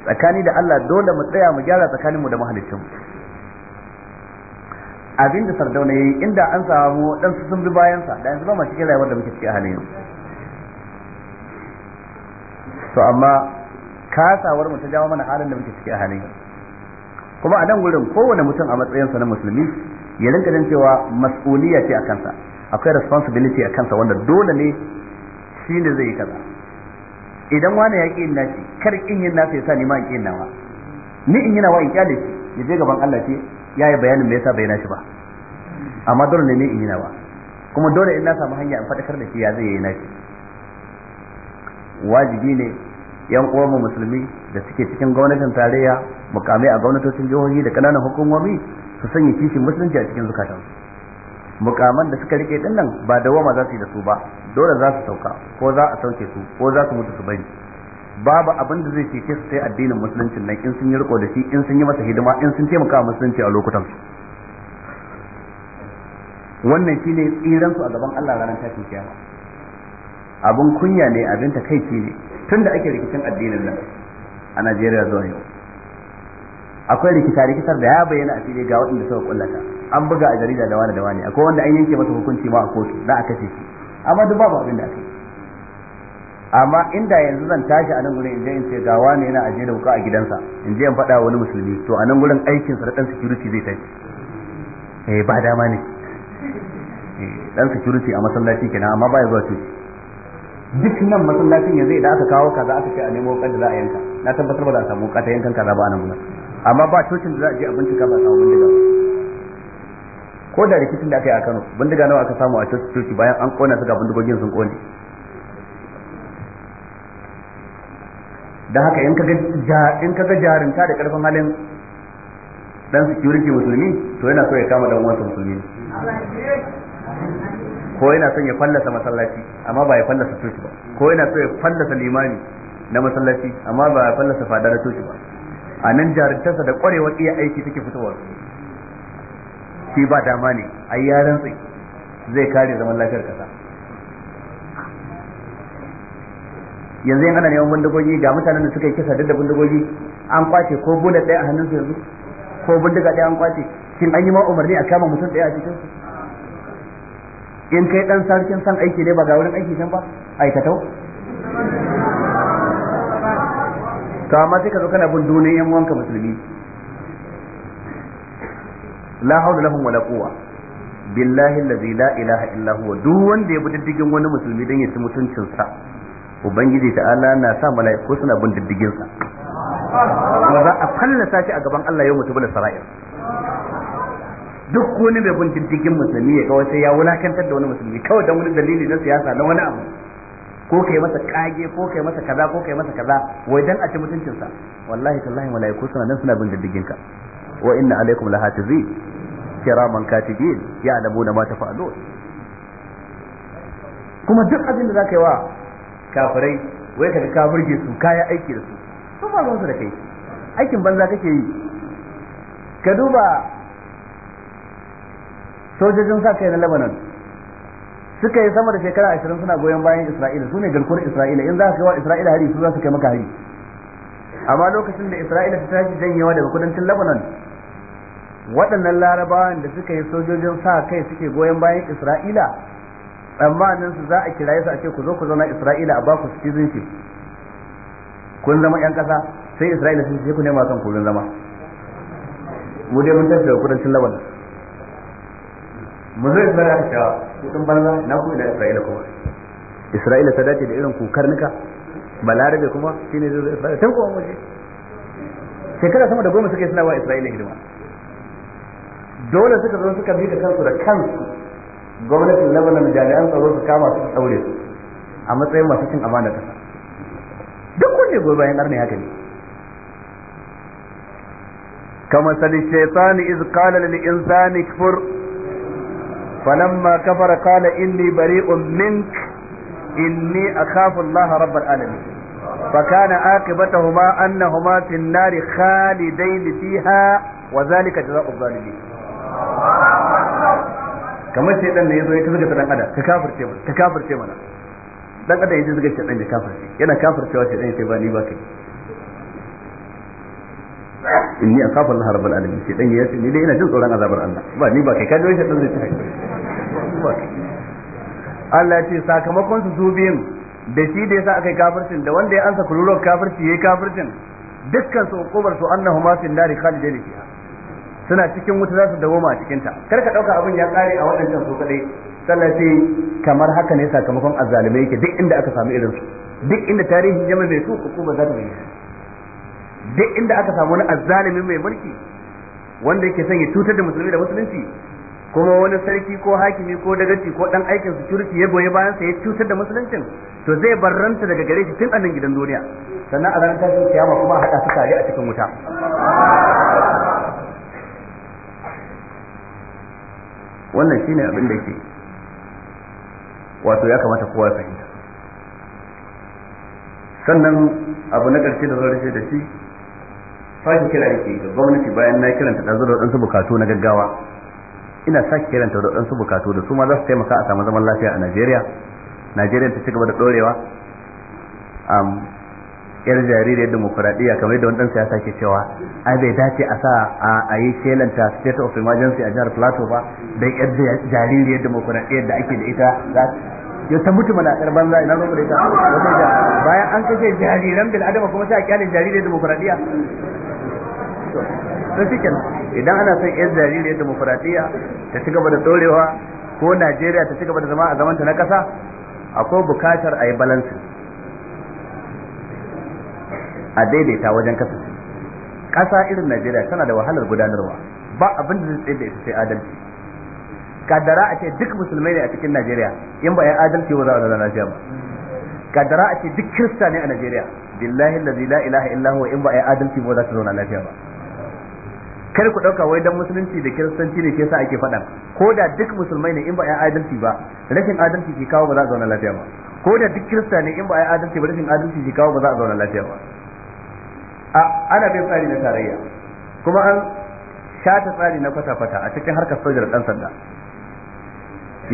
tsakani da Allah dole mu tsaya mu gyara tsakanin mu da mahalicin mu abinda sardauna yayi inda an samu dan sun bi bayansa da yanzu ba ma cikin rayuwar da muke ciki a halin to amma kasawar mu ta jawo mana halin da muke ciki a halin kuma a nan gurin kowane mutum a matsayinsa na musulmi ya rinka jin cewa mas'uliyya ce a kansa akwai responsibility a kansa wanda dole ne shi ne zai yi kaza idan wani ya ƙi yin nashi kar ƙin yin nasa ya sa ni ma in ƙi yin nawa ni in yana wa in kyale shi ya je gaban Allah ce ya yi bayanin me yasa bai nashi ba amma dole ne ni in yi nawa kuma dole in na samu hanya in faɗakar da shi ya zai yi nashi wajibi ne yan uwanmu musulmi da suke cikin gwamnatin tarayya mukamai a gwamnatocin jihohi da kananan hukumomi su sanya kishin musulunci a cikin zukatan mukaman da suka rike dinnan ba dawama za su yi da su ba dole za su sauka ko za a sauke su ko za su mutu su bari babu abin da zai cece su sai addinin musulunci nan in sun yi riko da shi in sun yi masa hidima in sun taimaka musulunci a lokutan su wannan shine tsiran su a gaban Allah ranar tashin kiyama abin kunya ne abin ta takaici ne tun da ake rikicin addinin nan a Najeriya zuwa yau akwai rikita rikitar da ya bayyana a fili ga waɗanda suka kullata an buga a jarida da wani da wani akwai wanda an yanke masa hukunci ma a kotu za a kashe shi amma duk babu abin da aka yi amma inda yanzu zan tashi a nan gurin in je in ce ga wani yana aje da wuka a gidansa in je in faɗa wani musulmi to a nan gurin aikin sa da dan security zai tashi eh ba dama ne dan eh, security a masallaci kenan amma ba ya zuwa coci duk nan masallacin yanzu idan aka kawo kaza aka ce a nemo kan da za a yanka na tabbatar ba za a samu wuƙa ta yankan kaza ba a nan gudan amma ba cocin da za a je a bincika ba a samu bindiga ba ko da rikicin da aka yi a Kano bindiga nawa aka samu a coci coci bayan an kona su ga bindigogin sun kone da haka in kaga in kaga jarinta da karfin halin dan security musulmi to yana so ya kama dan wasu musulmi ko yana son ya fallasa masallaci amma ba ya fallasa coci ba ko yana son ya fallasa limami na masallaci amma ba ya fallasa fada na coci ba a nan jarintarsa da kwarewa iya aiki take fitowa shi ba dama ne a ya rantsi zai kare zaman lafiyar kasa yanzu yin ana neman bindigogi ga mutanen da suka yi kisa duk da bindigogi an kwace ko bullet ɗaya a hannunsu yanzu ko bindiga ɗaya an kwace shin an yi ma umarni a kama mutum ɗaya a su in kai dan sarkin san aiki ne ba ga wurin aiki can ba aikatau to amma sai ka zo kana bin duniyar yan uwanka musulmi la hawla lahum wala quwwa billahi allazi la ilaha illa huwa duk wanda ya bi diddigin wani musulmi dan ya ci mutuncin sa ubangiji ta'ala na sa mala'iku suna bin diddigin sa za a fallasa shi a gaban Allah yau mutu bil sara'ir duk wani mai bin diddigin musulmi ya kawai sai ya wulakantar da wani musulmi kawai don wani dalili na siyasa na wani abu ko kai masa kage ko kai masa kaza ko kai masa kaza wai dan a ci sa wallahi tallahi malaiku suna nan suna bin diddigin ka wa inna alaikum lahatizi kiraman katibin ya'lamuna ma tafa'alun kuma duk abin da zaka yi wa kafirai wai ka ka burge su kaya aiki da su su ba su da kai aikin banza kake yi ka duba sojojin sa kai na Lebanon suka yi sama da shekara ashirin suna goyon bayan Isra'ila sune ne garkuwar Isra'ila in za ka kai wa Isra'ila hari su za su kai maka hari amma lokacin da Isra'ila ta tashi janyewa daga kudancin Lebanon waɗannan larabawan da suka yi sojojin sa kai suke goyon bayan Isra'ila tsammanin su za a kira su a ce ku zo ku zauna Isra'ila a ba ku citizenship kun zama yan kasa sai Isra'ila sun ce ku nema kan kurin zama mu dai mun tafi daga kudancin Lebanon mu zai zara aka cewa kudin banza na ku ina isra'ila kuma isra'ila ta dace da irin kukar nika balarabe kuma shine zai zai isra'ila tan kuwa mu shekara sama da goma suka yi suna wa isra'ila hidima dole suka zo suka bi da kansu da kansu gwamnatin labanan jami'an tsaro su kama su daure su a matsayin masu cin amana ta. duk kunne goyi bayan arna haka ne kama sani shaitani iz qala lil insani falamma kafara qala inni bari'un mink inni akhafu Allah rabbal alamin فكان عاقبتهما أنهما في النار خالدين فيها وذلك جزاء الظالمين kamar sai dan ne yazo ya kaza ga dan adam ka kafirce mana ka kafirce mana dan adam yaje zuga shi dan ya kafirce yana sai ba ni ba inni akhafu Allah rabbul alamin sai dan ya ce ni dai ina jin tsoron azabar Allah ba ni ba kai ka wani shi dan zai ci Allah ce sakamakon su su biyin da shi da yasa aka yi kafircin da wanda ya ansa kururuwar kafirci yayi kafircin dukkan su ukubar su annahuma fi nari khalidin fiha suna cikin wuta za su dawoma a cikin ta kar ka dauka abin ya kare a waɗancan su kadai sallace kamar haka ne sakamakon azzalumai yake duk inda aka samu irin su duk inda tarihin jama'a bai su hukuma za ta bayyana duk inda aka samu wani azzalimi mai mulki wanda yake son ya cutar da musulmi da musulunci kuma wani sarki ko hakimi ko dagaci ko dan aikin security ya goyi bayan sa ya cutar da musuluncin to zai barranta daga gare shi tun a nan gidan duniya sannan a ranar tashin kiyama kuma a hada su tare a cikin wuta wannan shine abin da yake wato ya kamata kowa ya fahimta sannan abu na ƙarshe da zan rufe da shi sake kira yake ga gwamnati bayan na kiranta da zuwa wadansu bukatu na gaggawa ina sake kiranta da wadansu bukatu da su ma za su taimaka a samu zaman lafiya a Najeriya Najeriya ta cigaba da dorewa um yar jaririyar demokuraɗiyya kamar yadda wani siyasa ke cewa ai bai dace a sa a yi kelanta state of emergency a jihar plateau ba da yar jaririyar demokuraɗiyyar da ake da ita ya ta mutu mana a banza ina zo da ita bayan an kashe jariran bil adama kuma sai a kyalin jaririyar demokuraɗiyya to to shikenan idan ana son yar jariri da mufratiya ta ci gaba da dorewa ko Najeriya ta ci gaba da zama a zamanta na kasa akwai bukatar a yi balansin a daidaita wajen kasa kasa irin Najeriya tana da wahalar gudanarwa ba abin da zai tsaye da sai adalci kaddara a ce duk musulmai ne a cikin Najeriya in ba ya adalci ba za a zauna lafiya ba kaddara a ce duk kirista ne a Najeriya billahi allazi la ilaha illa huwa in ba ya adalci ba za su zauna lafiya ba kar ku dauka wai dan musulunci da kiristanci ne ke sa ake fada ko da duk musulmai ne in ba ai adalci ba rashin adalci ke kawo ba za a zauna lafiya ba ko da duk kirista ne in ba ai adalci ba rashin adalci ke kawo ba za a zauna lafiya ba a ana bin tsari na tarayya kuma an shata tsari na kwata-kwata a cikin harkar sojar dan sanda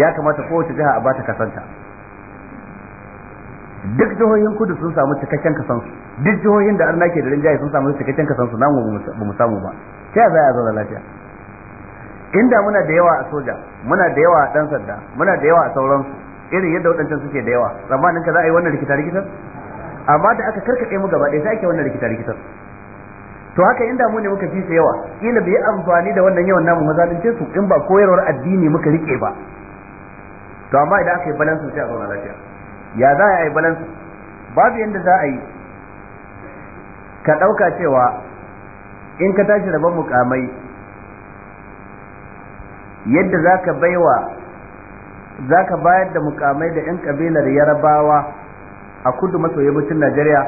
ya kamata kowace jiha a bata kasanta duk jihohin kudu sun samu cikakken kasansu duk jihohin da arna ke da rinjaye sun samu cikakken kasansu namu ba mu samu ba ta za a zauna lafiya inda muna da yawa a soja muna da yawa a dan sanda muna da yawa a sauransu irin yadda waɗancan suke da yawa tsammanin ka za a yi wannan rikita rikitar amma da aka karkaɗe mu gaba ɗaya sai ake wannan rikita rikitar to haka inda mu ne muka fi su yawa kila bai amfani da wannan yawan namu mazalunce su in ba koyarwar addini muka rike ba to amma idan aka yi balansu sai a zauna lafiya ya za a yi balansu babu yadda za a yi ka ɗauka cewa in ka tashi rabon mukamai yadda za ka baiwa za ka bayar da mukamai da 'yan kabilar yarabawa a kudu maso yammacin najeriya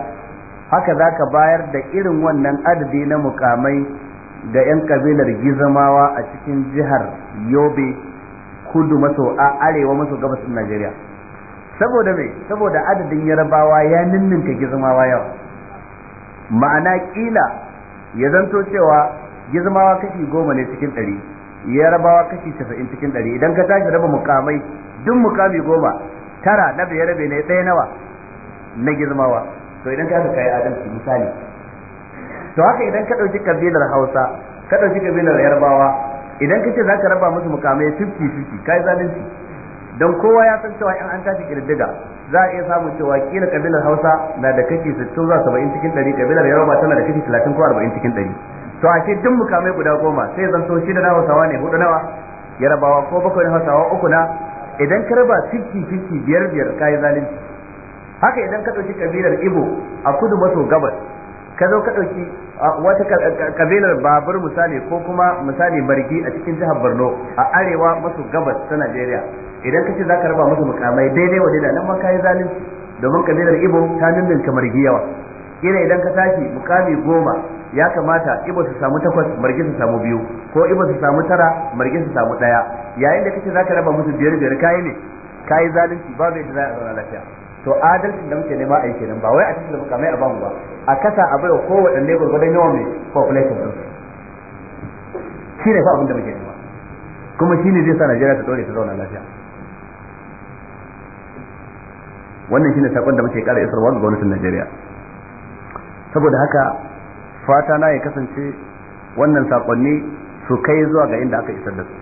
haka za ka bayar da irin wannan adadi na mukamai ga 'yan kabilar gizamawa a cikin jihar yobe kudu maso a arewa maso gabasin najeriya saboda mai saboda adadin yarabawa ya ninninka gizamawa yawa ma'ana kila ya zanto cewa gizmawa kashi goma ne cikin ɗari yarabawa kashi casa'in cikin ɗari idan ka tashi raba mukamai duk mukami goma tara na biyar rabe ne ɗaya nawa na gizmawa to idan ka kai adalci misali to haka idan ka ɗauki kabilar hausa ka ɗauki kabilar yarbawa idan ka ce za ka raba musu mukamai 50-50 yi zalunci don kowa ya san cewa in an tashi kirdiga za a iya samun cewa kila kabilar hausa na da kashi 60 zuwa 70 cikin 100 kabilar yaroba tana da kashi 30 ko 40 cikin 100 to a ce duk mukamai guda goma sai zan so shida na hausawa ne hudu nawa yarabawa ko bakwai na hausawa uku na idan ka raba 50 biyar biyar kayi zalunci haka idan ka ɗauki kabilar ibo a kudu maso gabas ka zo ka ɗauki wata kabilar babur misali ko kuma misali bargi a cikin jihar borno a arewa masu gabas ta najeriya idan ka ce za ka raba musu mukamai daidai wa daidai nan ma ka yi zalunci domin kabilar ibo ta nindin kamar yawa kira idan ka tashi mukami goma ya kamata ibo su samu takwas margi su samu biyu ko ibo su samu tara margi su samu ɗaya yayin da kace za ka raba musu biyar biyar kayi ne kayi zalunci babu yadda za a zauna lafiya to adalcin da muke nema a yi kenan ba wai a cikin mukamai a bamu ba a kasa a baiwa waɗanne gwargwadon yawan mai population ɗin shi ne fa abin da muke nema kuma shi ne zai sa Najeriya ta dore ta zauna lafiya wannan shi ne sakon da muke kara isarwa ga gwamnatin Najeriya saboda haka fata na ya kasance wannan sakonni su kai zuwa ga inda aka isar da su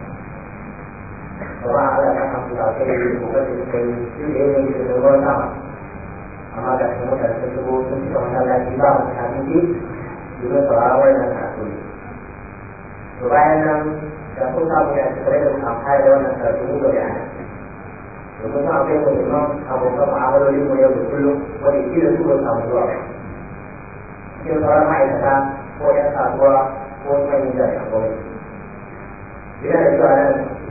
وبعد أن يحصل على شيء مبدل شيء في في الموضوع الآخر أما تحكمون أن تكتبوا تنشر هذا الاتباع الحديث بدون تراوي عن العقول وبعد أن تكون صعب أن تتبين الأقحاد وأن ترجموه بعناء يكون صعب بين الإمام أبو بكر عمله اليوم واليوم كله ويجيل كل الأموال في القرآن معرفة هو يسعى هو هو من يدعي القول لذلك فعلا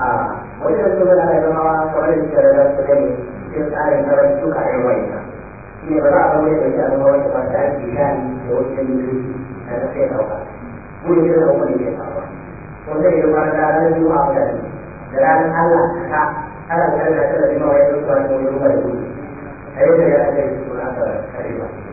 Ah, wajen su gana da zama kamar da suke da su gani cikin tsarin karar suka yi wani shi ne ba za a wani da ya zama wani ba ta ake gani da wani jirgi da ta da dauka mu ne da kuma ne ke faruwa wanda ya zama da ranar juma'a da ne da ranar allah ta ana da ranar da ta da jima'a ya zuwa ne wani da gudu a yau da ya zai su na kare ba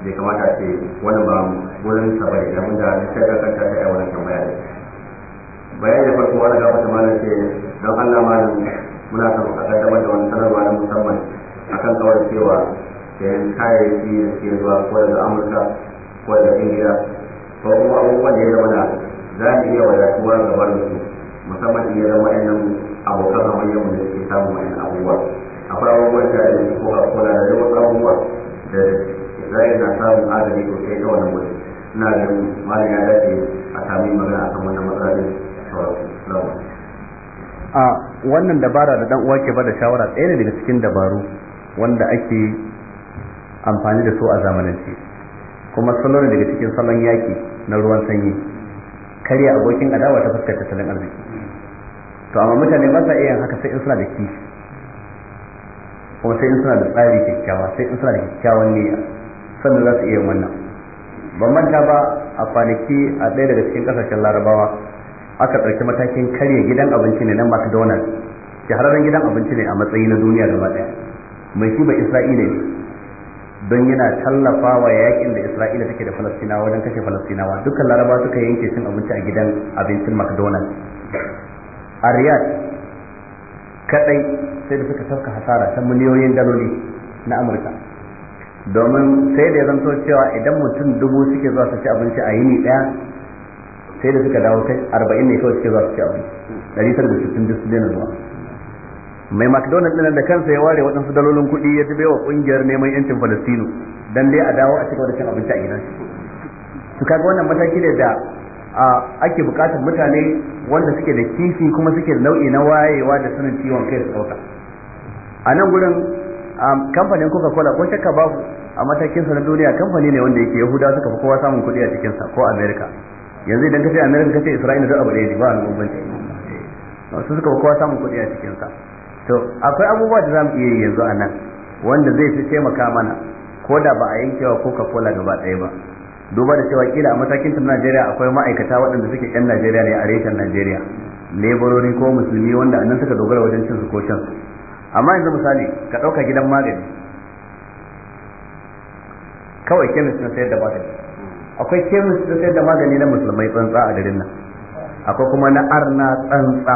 bai kamata ce wani ba wurin sa mun da wanda ta shaɗa kanta ta yi wannan tambaya ne bayan da farko wani gafa ta malam ce don Allah malam muna son a kaddamar da wani sanarwa na musamman akan kawai cewa sayan kayayyaki da ke zuwa ko daga Amurka ko daga Ingila ko kuma abubuwan da ya zama za mu iya wadatuwa gaba da su musamman iya zama wa'annan abokan hamayyar mu da suke samun wa'annan abubuwa akwai abubuwan da ya ko a kola da wasu abubuwa da rai na samun adali sosai ta wannan wuri ina da malam ya dace a sami magana akan wannan matsalolin sauransu a wannan dabara da dan uwa ke bada shawara ɗaya ne daga cikin dabaru wanda ake amfani da su a zamanance kuma salo ne daga cikin salon yaki na ruwan sanyi karya abokin adawa ta fuskar tattalin arziki to amma mutane ba sa iya haka sai in suna da kishi kuma sai in suna da tsari kyakkyawa sai in suna da kyakkyawan niyya sannan za su iya wannan ban manta ba a kwanaki a ɗaya daga cikin ƙasashen larabawa aka ɗauki matakin karya gidan abinci ne na mcdonald shahararren gidan abinci ne a matsayi na duniya gaba ɗaya mai shi ba isra'ila ne don yana tallafa wa yakin da isra'ila take da falastinawa wajen kashe falastinawa dukkan laraba suka yanke cin abinci a gidan abincin mcdonald a riyadh kaɗai sai da suka tafka hasara ta miliyoyin daloli na amurka domin sai da ya zanto cewa idan mutum dubu suke zuwa su ci abinci a yini daya sai da suka dawo kai arba'in ne kawai suke zuwa su ci abinci ɗari tara da sittin duk su zuwa mai mcdonald ɗin da kansa ya ware waɗansu dalolin kuɗi ya jibe wa ƙungiyar neman yancin falastinu dan dai a dawo a cikin da cin abinci a gidan su kaga wannan mataki ne da ake buƙatar mutane wanda suke da kifi kuma suke da nau'i na wayewa da sanin ciwon kai su ɗauka a nan gurin kamfanin coca cola ko shakka babu a matakin sa na duniya kamfani ne wanda yake yahuda suka fi kowa samun kuɗi a cikin sa ko america yanzu idan ka ce america ka ce isra'ila da abu ɗaya ne ba wani bambanci eh, su suka fi kowa samun kuɗi a cikin sa to akwai abubuwa da zamu iya yi yanzu a nan wanda zai fi taimaka mana ko da ba a yankewa coca cola gaba ɗaya ba duba da cewa kila a matakin ta Najeriya akwai ma'aikata waɗanda suke 'yan Najeriya ne a reshen Najeriya leburori ko musulmi wanda anan suka dogara wajen cin su ko shan su amma yanzu misali ka ɗauka gidan magani kawai kemis na sayar da magani akwai kemis na sayar da magani na musulmai tsantsa a garin nan akwai kuma na arna tsantsa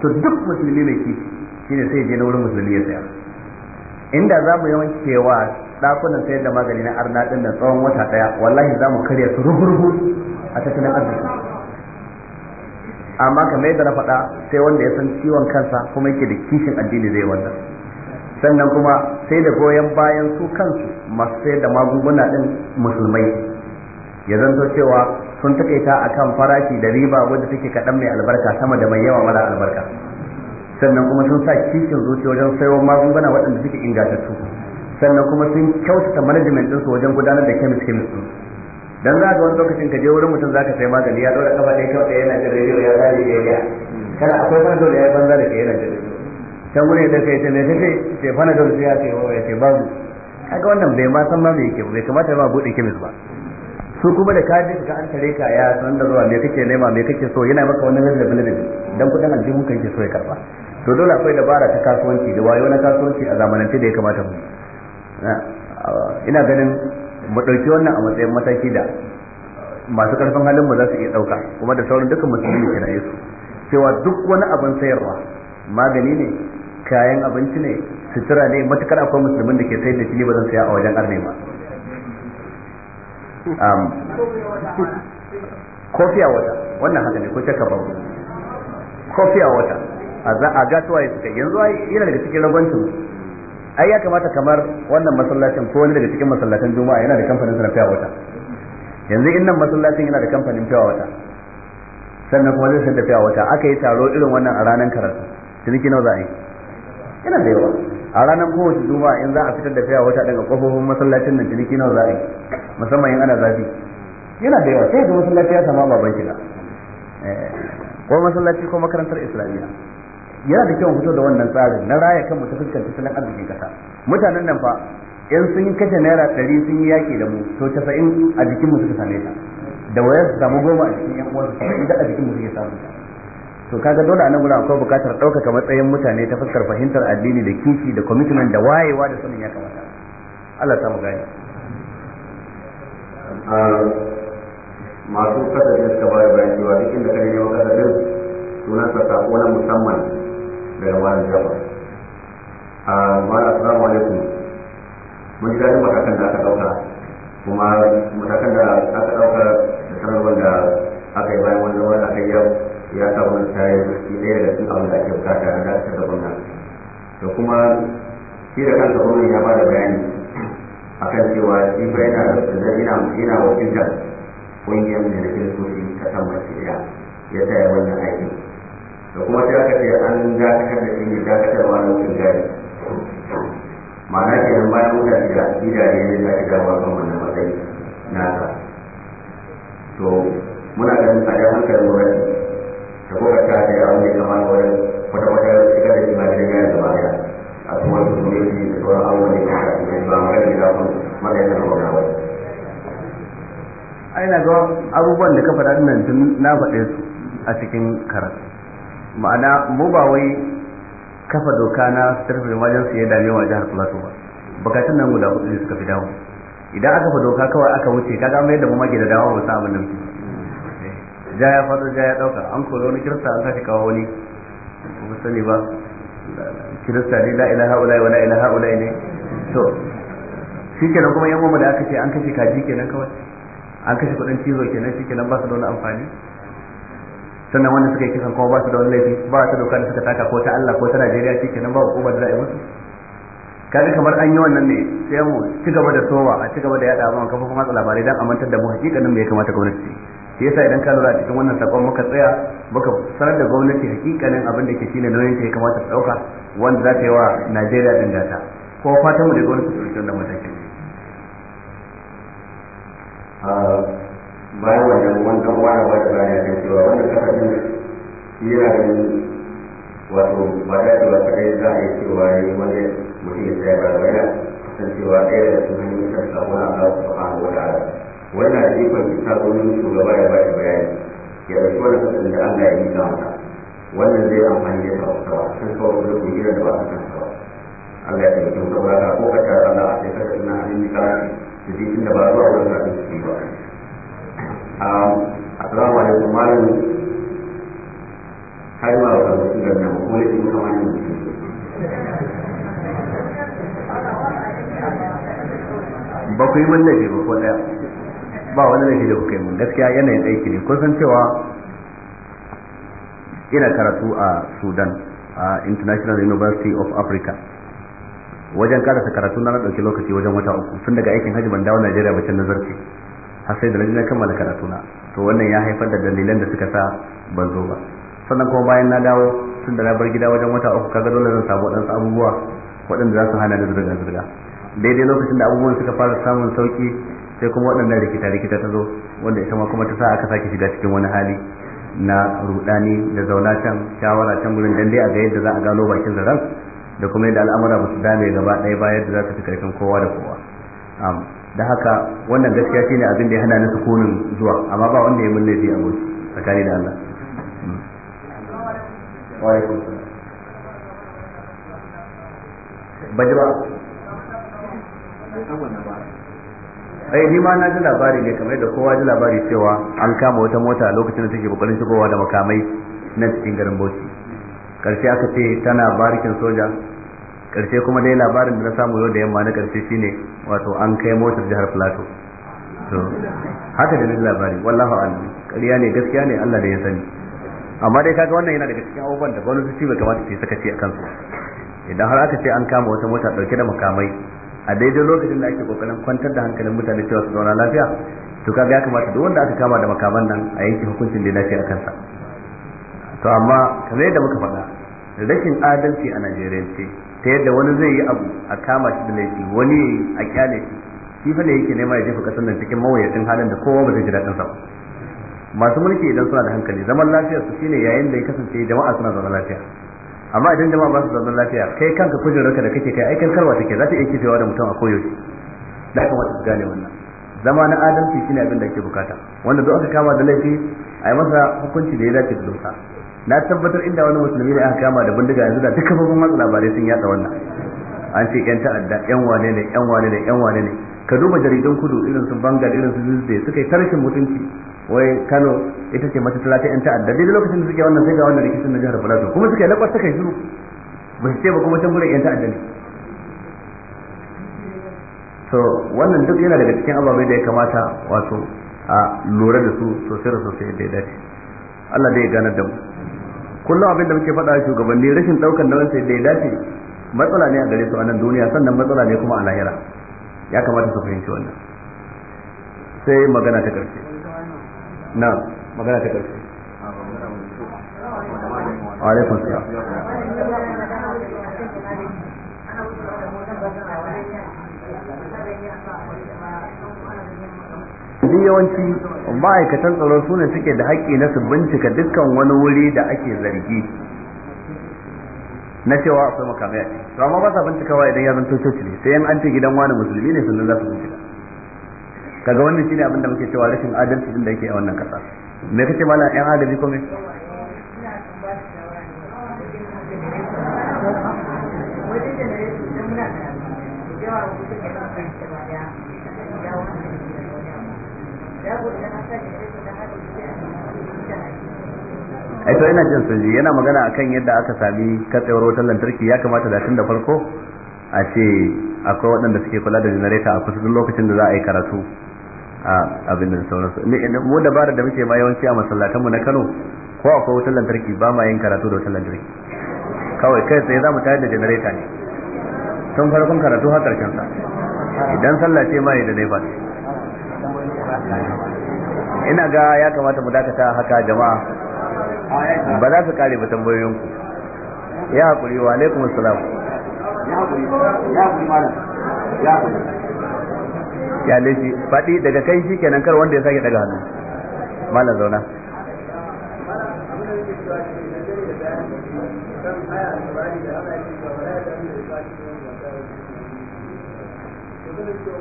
to duk musulmi mai shi shine sai je na wurin musulmi ya saya inda za mu yawan cewa ɗakunan sayar da magani na arna ɗin da tsawon wata ɗaya wallahi za mu karya su rubu a tattalin arziki amma kamar yadda na faɗa sai wanda ya san ciwon kansa kuma yake da kishin addini zai wannan sannan kuma sai da goyon bayan su kansu masu sayar da magunguna ɗin musulmai ya zanto cewa sun a kan farashi da riba wadda take kaɗan mai albarka sama da mai yawa mara albarka sannan kuma sun sa kishin zuciya wajen sayo magunguna waɗanda suke ingantattu sannan kuma sun kyautata management ɗinsu wajen gudanar da kemis kemis dan za ka wani lokacin ka je wurin mutum za ka sai magani ya dora kafa ɗaya kawai yana jin rediyo ya zari ya ya kana akwai fana dole ya yi banza da ke yana jin can wuri da yi ta ne sai sai fana dole sai ya ce wa oh, ya ce babu kaga wannan bai ma san ma me yake bai kamata ba buɗe kemis ba su kuma da kaji ka an tare ka ya san da zuwa me kake nema me kake so yana maka wannan da bilibin dan kudin aljihun kake so ya karba to dole akwai dabara ta kasuwanci da wayo na kasuwanci a zamanance da ya kamata mu ah, ina ganin mu ɗauki wannan a matsayin mataki da masu karfin halin mu za su iya ɗauka kuma da sauran dukkan musulmi ke raye su cewa duk wani abin sayarwa magani ne kayan abinci ne sutura ne matukar akwai musulmin da ke sayar da shi ba zan saya a wajen arne ba kofiya wata wannan haka ne ko shakka babu kofiya wata a za gasuwa ya suka yanzu yana daga cikin ragwancin ai ya kamata kamar wannan masallacin ko wani daga cikin masallacin juma'a yana da kamfanin sa na fiya wata yanzu innan masallacin yana da kamfanin fiya wata sannan kuma zai sanda fiya wata aka yi taro irin wannan a ranar karatu ciniki nawa za a yi yana da yawa a ranar kowace juma'a in za a fitar da fiya wata daga kofofin masallacin nan ciniki nawa za a yi musamman in ana zafi yana da yawa sai ga masallaci ya sama baban shiga eh, ko masallaci ko makarantar islamiyya yana da kyau fito da wannan tsarin na raya kanmu ta fuskar tattalin arzikin kasa mutanen nan fa in sun yi kashe naira ɗari sun yi yaƙi da mu to casa'in a jikinmu suka same ta da wayar su samu goma a jikin yan uwansu kuma da a jikinmu suke samu to kaga dole a nan gudan akwai buƙatar ɗaukaka matsayin mutane ta fuskar fahimtar addini da kishi da kwamitinan da wayewa da sanin ya kamata Allah ta mu gani ah, masu kasafin suka bayar bayan cewa duk inda kare ne wa kasafin suna sa sako na musamman ga malam jafar a ah, malam assalamu alaikum mun ji matakan da aka kuma matakan da aka ɗauka da sanarwar da aka yi bayan wani zama da aka yi ya sa wani tare da shi ɗaya abin da ake bukata na dakatar da gwamna da kuma shi da kansa gwamnan ya ba da bayani akan cewa shi fa yana da wakiltar ƙungiyar da na kiristoci ta san baki ɗaya ya taya wannan aikin da kuma sai aka ce an dakatar da shi dakatar ma lokacin gari ma'ana ke nan bayan wuta da gidaje ne za ki dawo kan wannan matsayi nasa to muna ganin a yan hankalin gwamnati da kuka ta da a da kama wurin wata wata shiga da kima da yaya gaba daya a kuma su ne yi da sauran abubuwan da ke ta da ba mu rage da kun matsayin da kuma wani ai ga abubuwan da ka faɗa nan tun na faɗe su a cikin karatu ma'ana mu ba wai kafa doka na tarfin wajen su ya dame wa jihar plateau ba bukatun nan guda hudu ne suka fi dawo idan aka fa doka kawai aka wuce kaga mai da mamaki da dawo ba samun nan da ja ya fado ja ya dauka an koro ni kirista an sake kawo ni ba sani ba kirista ne la ilaha ula wa la ilaha ula ne to shikenan kuma yan mu da aka ce an kashe kaji kenan kawai an kashe kudin cizo kenan shikenan ba su da wani amfani sannan wanda suka yi kisan kuma ba su da wani laifi ba ta doka da suka taka ko ta Allah ko ta Najeriya ce kenan ba hukumar da za a yi musu kaga kamar an yi wannan ne sai mu ci gaba da sowa a ci gaba da yada mun kafa kuma labarai dan amantar da mu hakikanin me ya kamata gwamnati ce yasa idan ka lura cikin wannan sakon muka tsaya muka sanar da gwamnati hakikanin abin da ke shine nauyin ta ya kamata ta dauka wanda za ta yi wa Najeriya din data ko fatan mu da gwamnati ta na wannan matakin ah, bayan wannan wani dan wani ba da ya ga cewa wanda ka faɗi yana ganin wato ba da cewa ta kai za a yi cewa ya yi wani mutum ya tsaya ba yana kasancewa ɗaya daga cikin hanyoyin da sabon Allah subhanahu wa ta'ala wannan jifan ta domin shugaba ya ba shi bayani ya ɗauki wani kasan da Allah ya yi ta mata wannan zai amfani da sauƙawa sun sauƙa da kujera da ba su kan sauƙa Allah ya taimake mu ka ko ka tara Allah a sai ka ina hannun karatu da jikin da ba zuwa wurin da su ba assalamu alaikum malam har ma ba su da nan ko ne kuma kamar ne ba ku yi mun laifi ba ko daya ba wani laifi da kuka yi mun gaskiya yanayin aiki ne kun san cewa ina karatu a ah, sudan a ah, international university of africa wajen karasa karatu na na ɗauki lokaci wajen wata uku tun daga aikin hajji ban dawo najeriya ba can nazarci har sai da na jina kammala karatuna to wannan ya haifar da dalilan da suka sa ban zo ba sannan kuma bayan na dawo tun da na bar gida wajen wata uku kaga dole zan samu waɗansu abubuwa waɗanda za su hana da zirga zirga daidai lokacin da abubuwan suka fara samun sauki sai kuma waɗannan rikita rikita ta zo wanda ita ma kuma ta sa aka sake shiga cikin wani hali na rudani da zauna can shawara can gurin dan dai a ga yadda za a gano bakin zaran da kuma yadda al'amura ba su dame gaba ɗaya ba yadda za su fi karfin kowa da kowa da haka wannan gaskiya shine abin da ya hana ni sukunin zuwa amma ba wanda ya mulle a wuce tsakani da Allah mm. ai ni ma na ji labari ne kamar da kowa ji labari cewa an kama wata mota a lokacin da take kokarin shigowa da makamai na cikin garin Bauchi karshe aka ce tana barikin soja karshe kuma dai labarin da na samu yau da yamma na karshe shine wato an kai motar jihar plateau to haka da nan labari wallahu alim ƙarya ne gaskiya ne Allah da ya sani amma dai kaga wannan yana daga cikin abubuwan da gwamnati ce bai kamata ta sakaci a kansu idan har aka ce an kama wata mota dauke da makamai a daidai lokacin da ake kokarin kwantar da hankalin mutane cewa su zauna lafiya to kaga ya kamata duk wanda aka kama da makaman nan a yanke hukuncin da ya dace a kansa to amma kamar yadda muka faɗa rashin adalci a Najeriya ce ta yadda wani zai yi abu a kama shi da laifi wani a kyale shi shi fa ne yake nema ya jefa kasar nan cikin mawuyacin halin da kowa ba zai ji daɗin sa ba masu mulki idan suna da hankali zaman lafiyar su shine yayin da ya kasance jama'a suna zaman lafiya amma idan jama'a ba su zaman lafiya kai kanka kujerarka da kake kai aikin karwa take za ta iya kifewa da mutum a koyaushe da haka wata gane wannan zama na adalci shine abin da ake bukata wanda duk aka kama da laifi a yi masa hukunci da ya dace da dosa na tabbatar inda wani musulmi ne aka kama da bindiga yanzu da duka babban watsa labarai sun yatsa wannan an ce yan ta'adda yan wane ne yan wane ne yan wane ne ka duba jaridan kudu irin su bangal irin su zuzde suka yi tarshen mutunci wai kano ita ce mace talata yan ta'adda daidai lokacin da suke wannan sai ga wannan rikicin na jihar plateau kuma suka yi lakwas suka yi shiru ba su ce ba kuma can gurin yan ta'adda ne to wannan duk yana daga cikin ababai da ya kamata wato a lura da su sosai da sosai da ya dace Allah ya ganar da mu kullum abin da muke faɗa shugabanni rashin ɗaukar da sai da ya dace matsala ne a gare su a nan duniya sannan matsala ne kuma a lahira ya kamata su fahimci wannan sai magana ta ƙarshe na magana ta ƙarshe alaikum salam duk yawanci ma'aikatan tsaro su ne suke da haƙƙi na su bincika dukkan wani wuri da ake zargi na cewa akwai makamai a ciki to amma ba sa bincikawa idan ya zanto coci ne sai 'yan an ce gidan wani musulmi ne sannan za su bincika kaga wannan shine abin da muke cewa rashin adalci din da yake a wannan kasa me kace mala yan adalci ko me ai to ina jin sunji yana magana akan yadda aka sami katsewar wutar lantarki ya kamata da tun da farko a ce akwai waɗanda suke kula da janareta a kusa duk lokacin da za a yi karatu a abin da sauransu mu dabara da muke ma yawanci a masallatanmu na Kano ko akwai wutar lantarki ba ma yin karatu da wutar lantarki kawai kai tsaye za mu tayar da janareta ne tun farkon karatu har karshen sa idan sallah ce ma da nefa ina ga ya kamata mu dakata haka jama'a ba za su kare ba tambayoyinku ya hakuri wa alaikum assalam ya laifi faɗi daga kai shi kenan kar wanda ya sake daga hannu malam zauna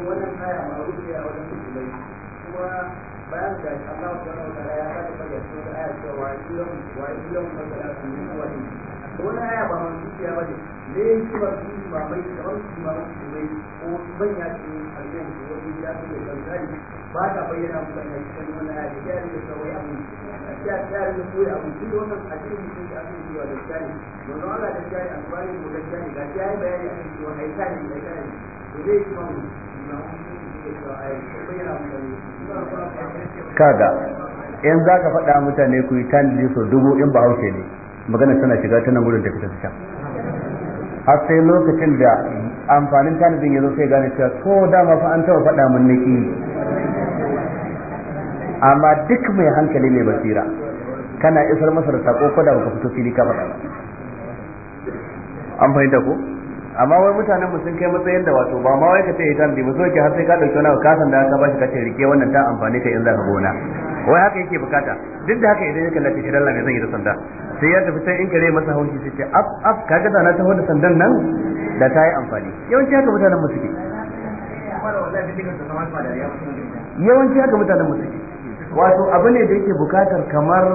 wannan aya ma rubuta wajen kuma bayan da Allah ya wani aya ba ba ne ne yi ba su ba mai kamar su ba ko ce su wani ya kankari ba ta bayyana mu cikin wani aya da abu abu wannan a cikin mutum da da da da ga bayani a cikin to zai mu da bayyana mu kaga in za ka faɗa mutane ku yi tanadi sau dubu in ba hauke ne magana tana shiga tana gudun tafi tafi can har sai lokacin da amfanin tanadin ya zo sai gane cewa ko dama fa an taɓa faɗa mun niki amma duk mai hankali mai basira kana isar masa da sako ko da baka fito fili ka faɗa ba an fahimta ko amma wai mutanen mu sun kai matsayin da wato ba ma wai ka sai tambi ba soke har sai ka dauki wani ka san da ka bashi ka ce rike wannan ta amfani ka in zaka gona wai haka yake bukata duk da haka idan ya kallaci shi dalla zai yi da sanda sai ya tafi sai in kare masa haushi sai ce af af kaga da na taho da sandan nan da ta yi amfani yawanci haka mutanen mu suke yawanci haka mutanen mu suke wato abu ne da yake bukatar kamar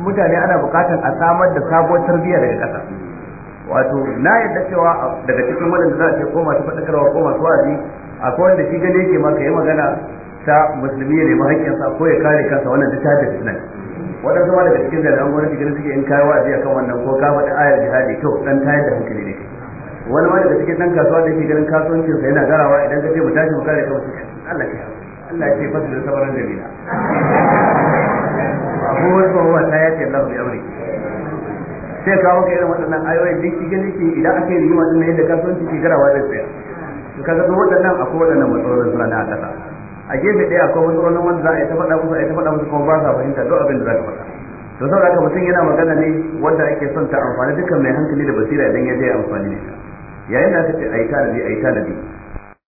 mutane ana bukatar a samar da sabuwar tarbiyya daga ƙasa wato na yadda cewa daga cikin waɗanda za a ce ko masu faɗakarwa ko masu wa'azi akwai wanda shi gane yake ma ka yi magana ta musulmi ya nemi sa ko ya kare kansa wannan ta tafi nan waɗansu ma daga cikin jami'an gwamnati gani suke in kayi wa'azi akan wannan ko ka faɗi ayar jihadi kyau dan tayar da hankali ne wani ma daga cikin dan kasuwa da yake ganin kasuwancin sa yana garawa idan ka ce mu tashi mu kare kanmu Allah ya Allah ya ce fasu da sabaran jami'a abubuwan ba wata ya Allah bi aure sai kawo ka irin waɗannan ayoyin duk gani ke idan aka yi rigima da yadda kasuwanci ke garawa da tsaya su kaga duk waɗannan akwai waɗannan matsalolin suna na ƙasa a gefe ɗaya akwai matsalolin wanda za a yi ta faɗa musu a yi ta faɗa musu kuma ba sa fahimta duk abin da za ka faɗa to saboda haka mutum yana magana ne wanda ake son ta amfani dukkan mai hankali da basira idan ya je amfani da ita yayin da aka ce yi tanadi yi tanadi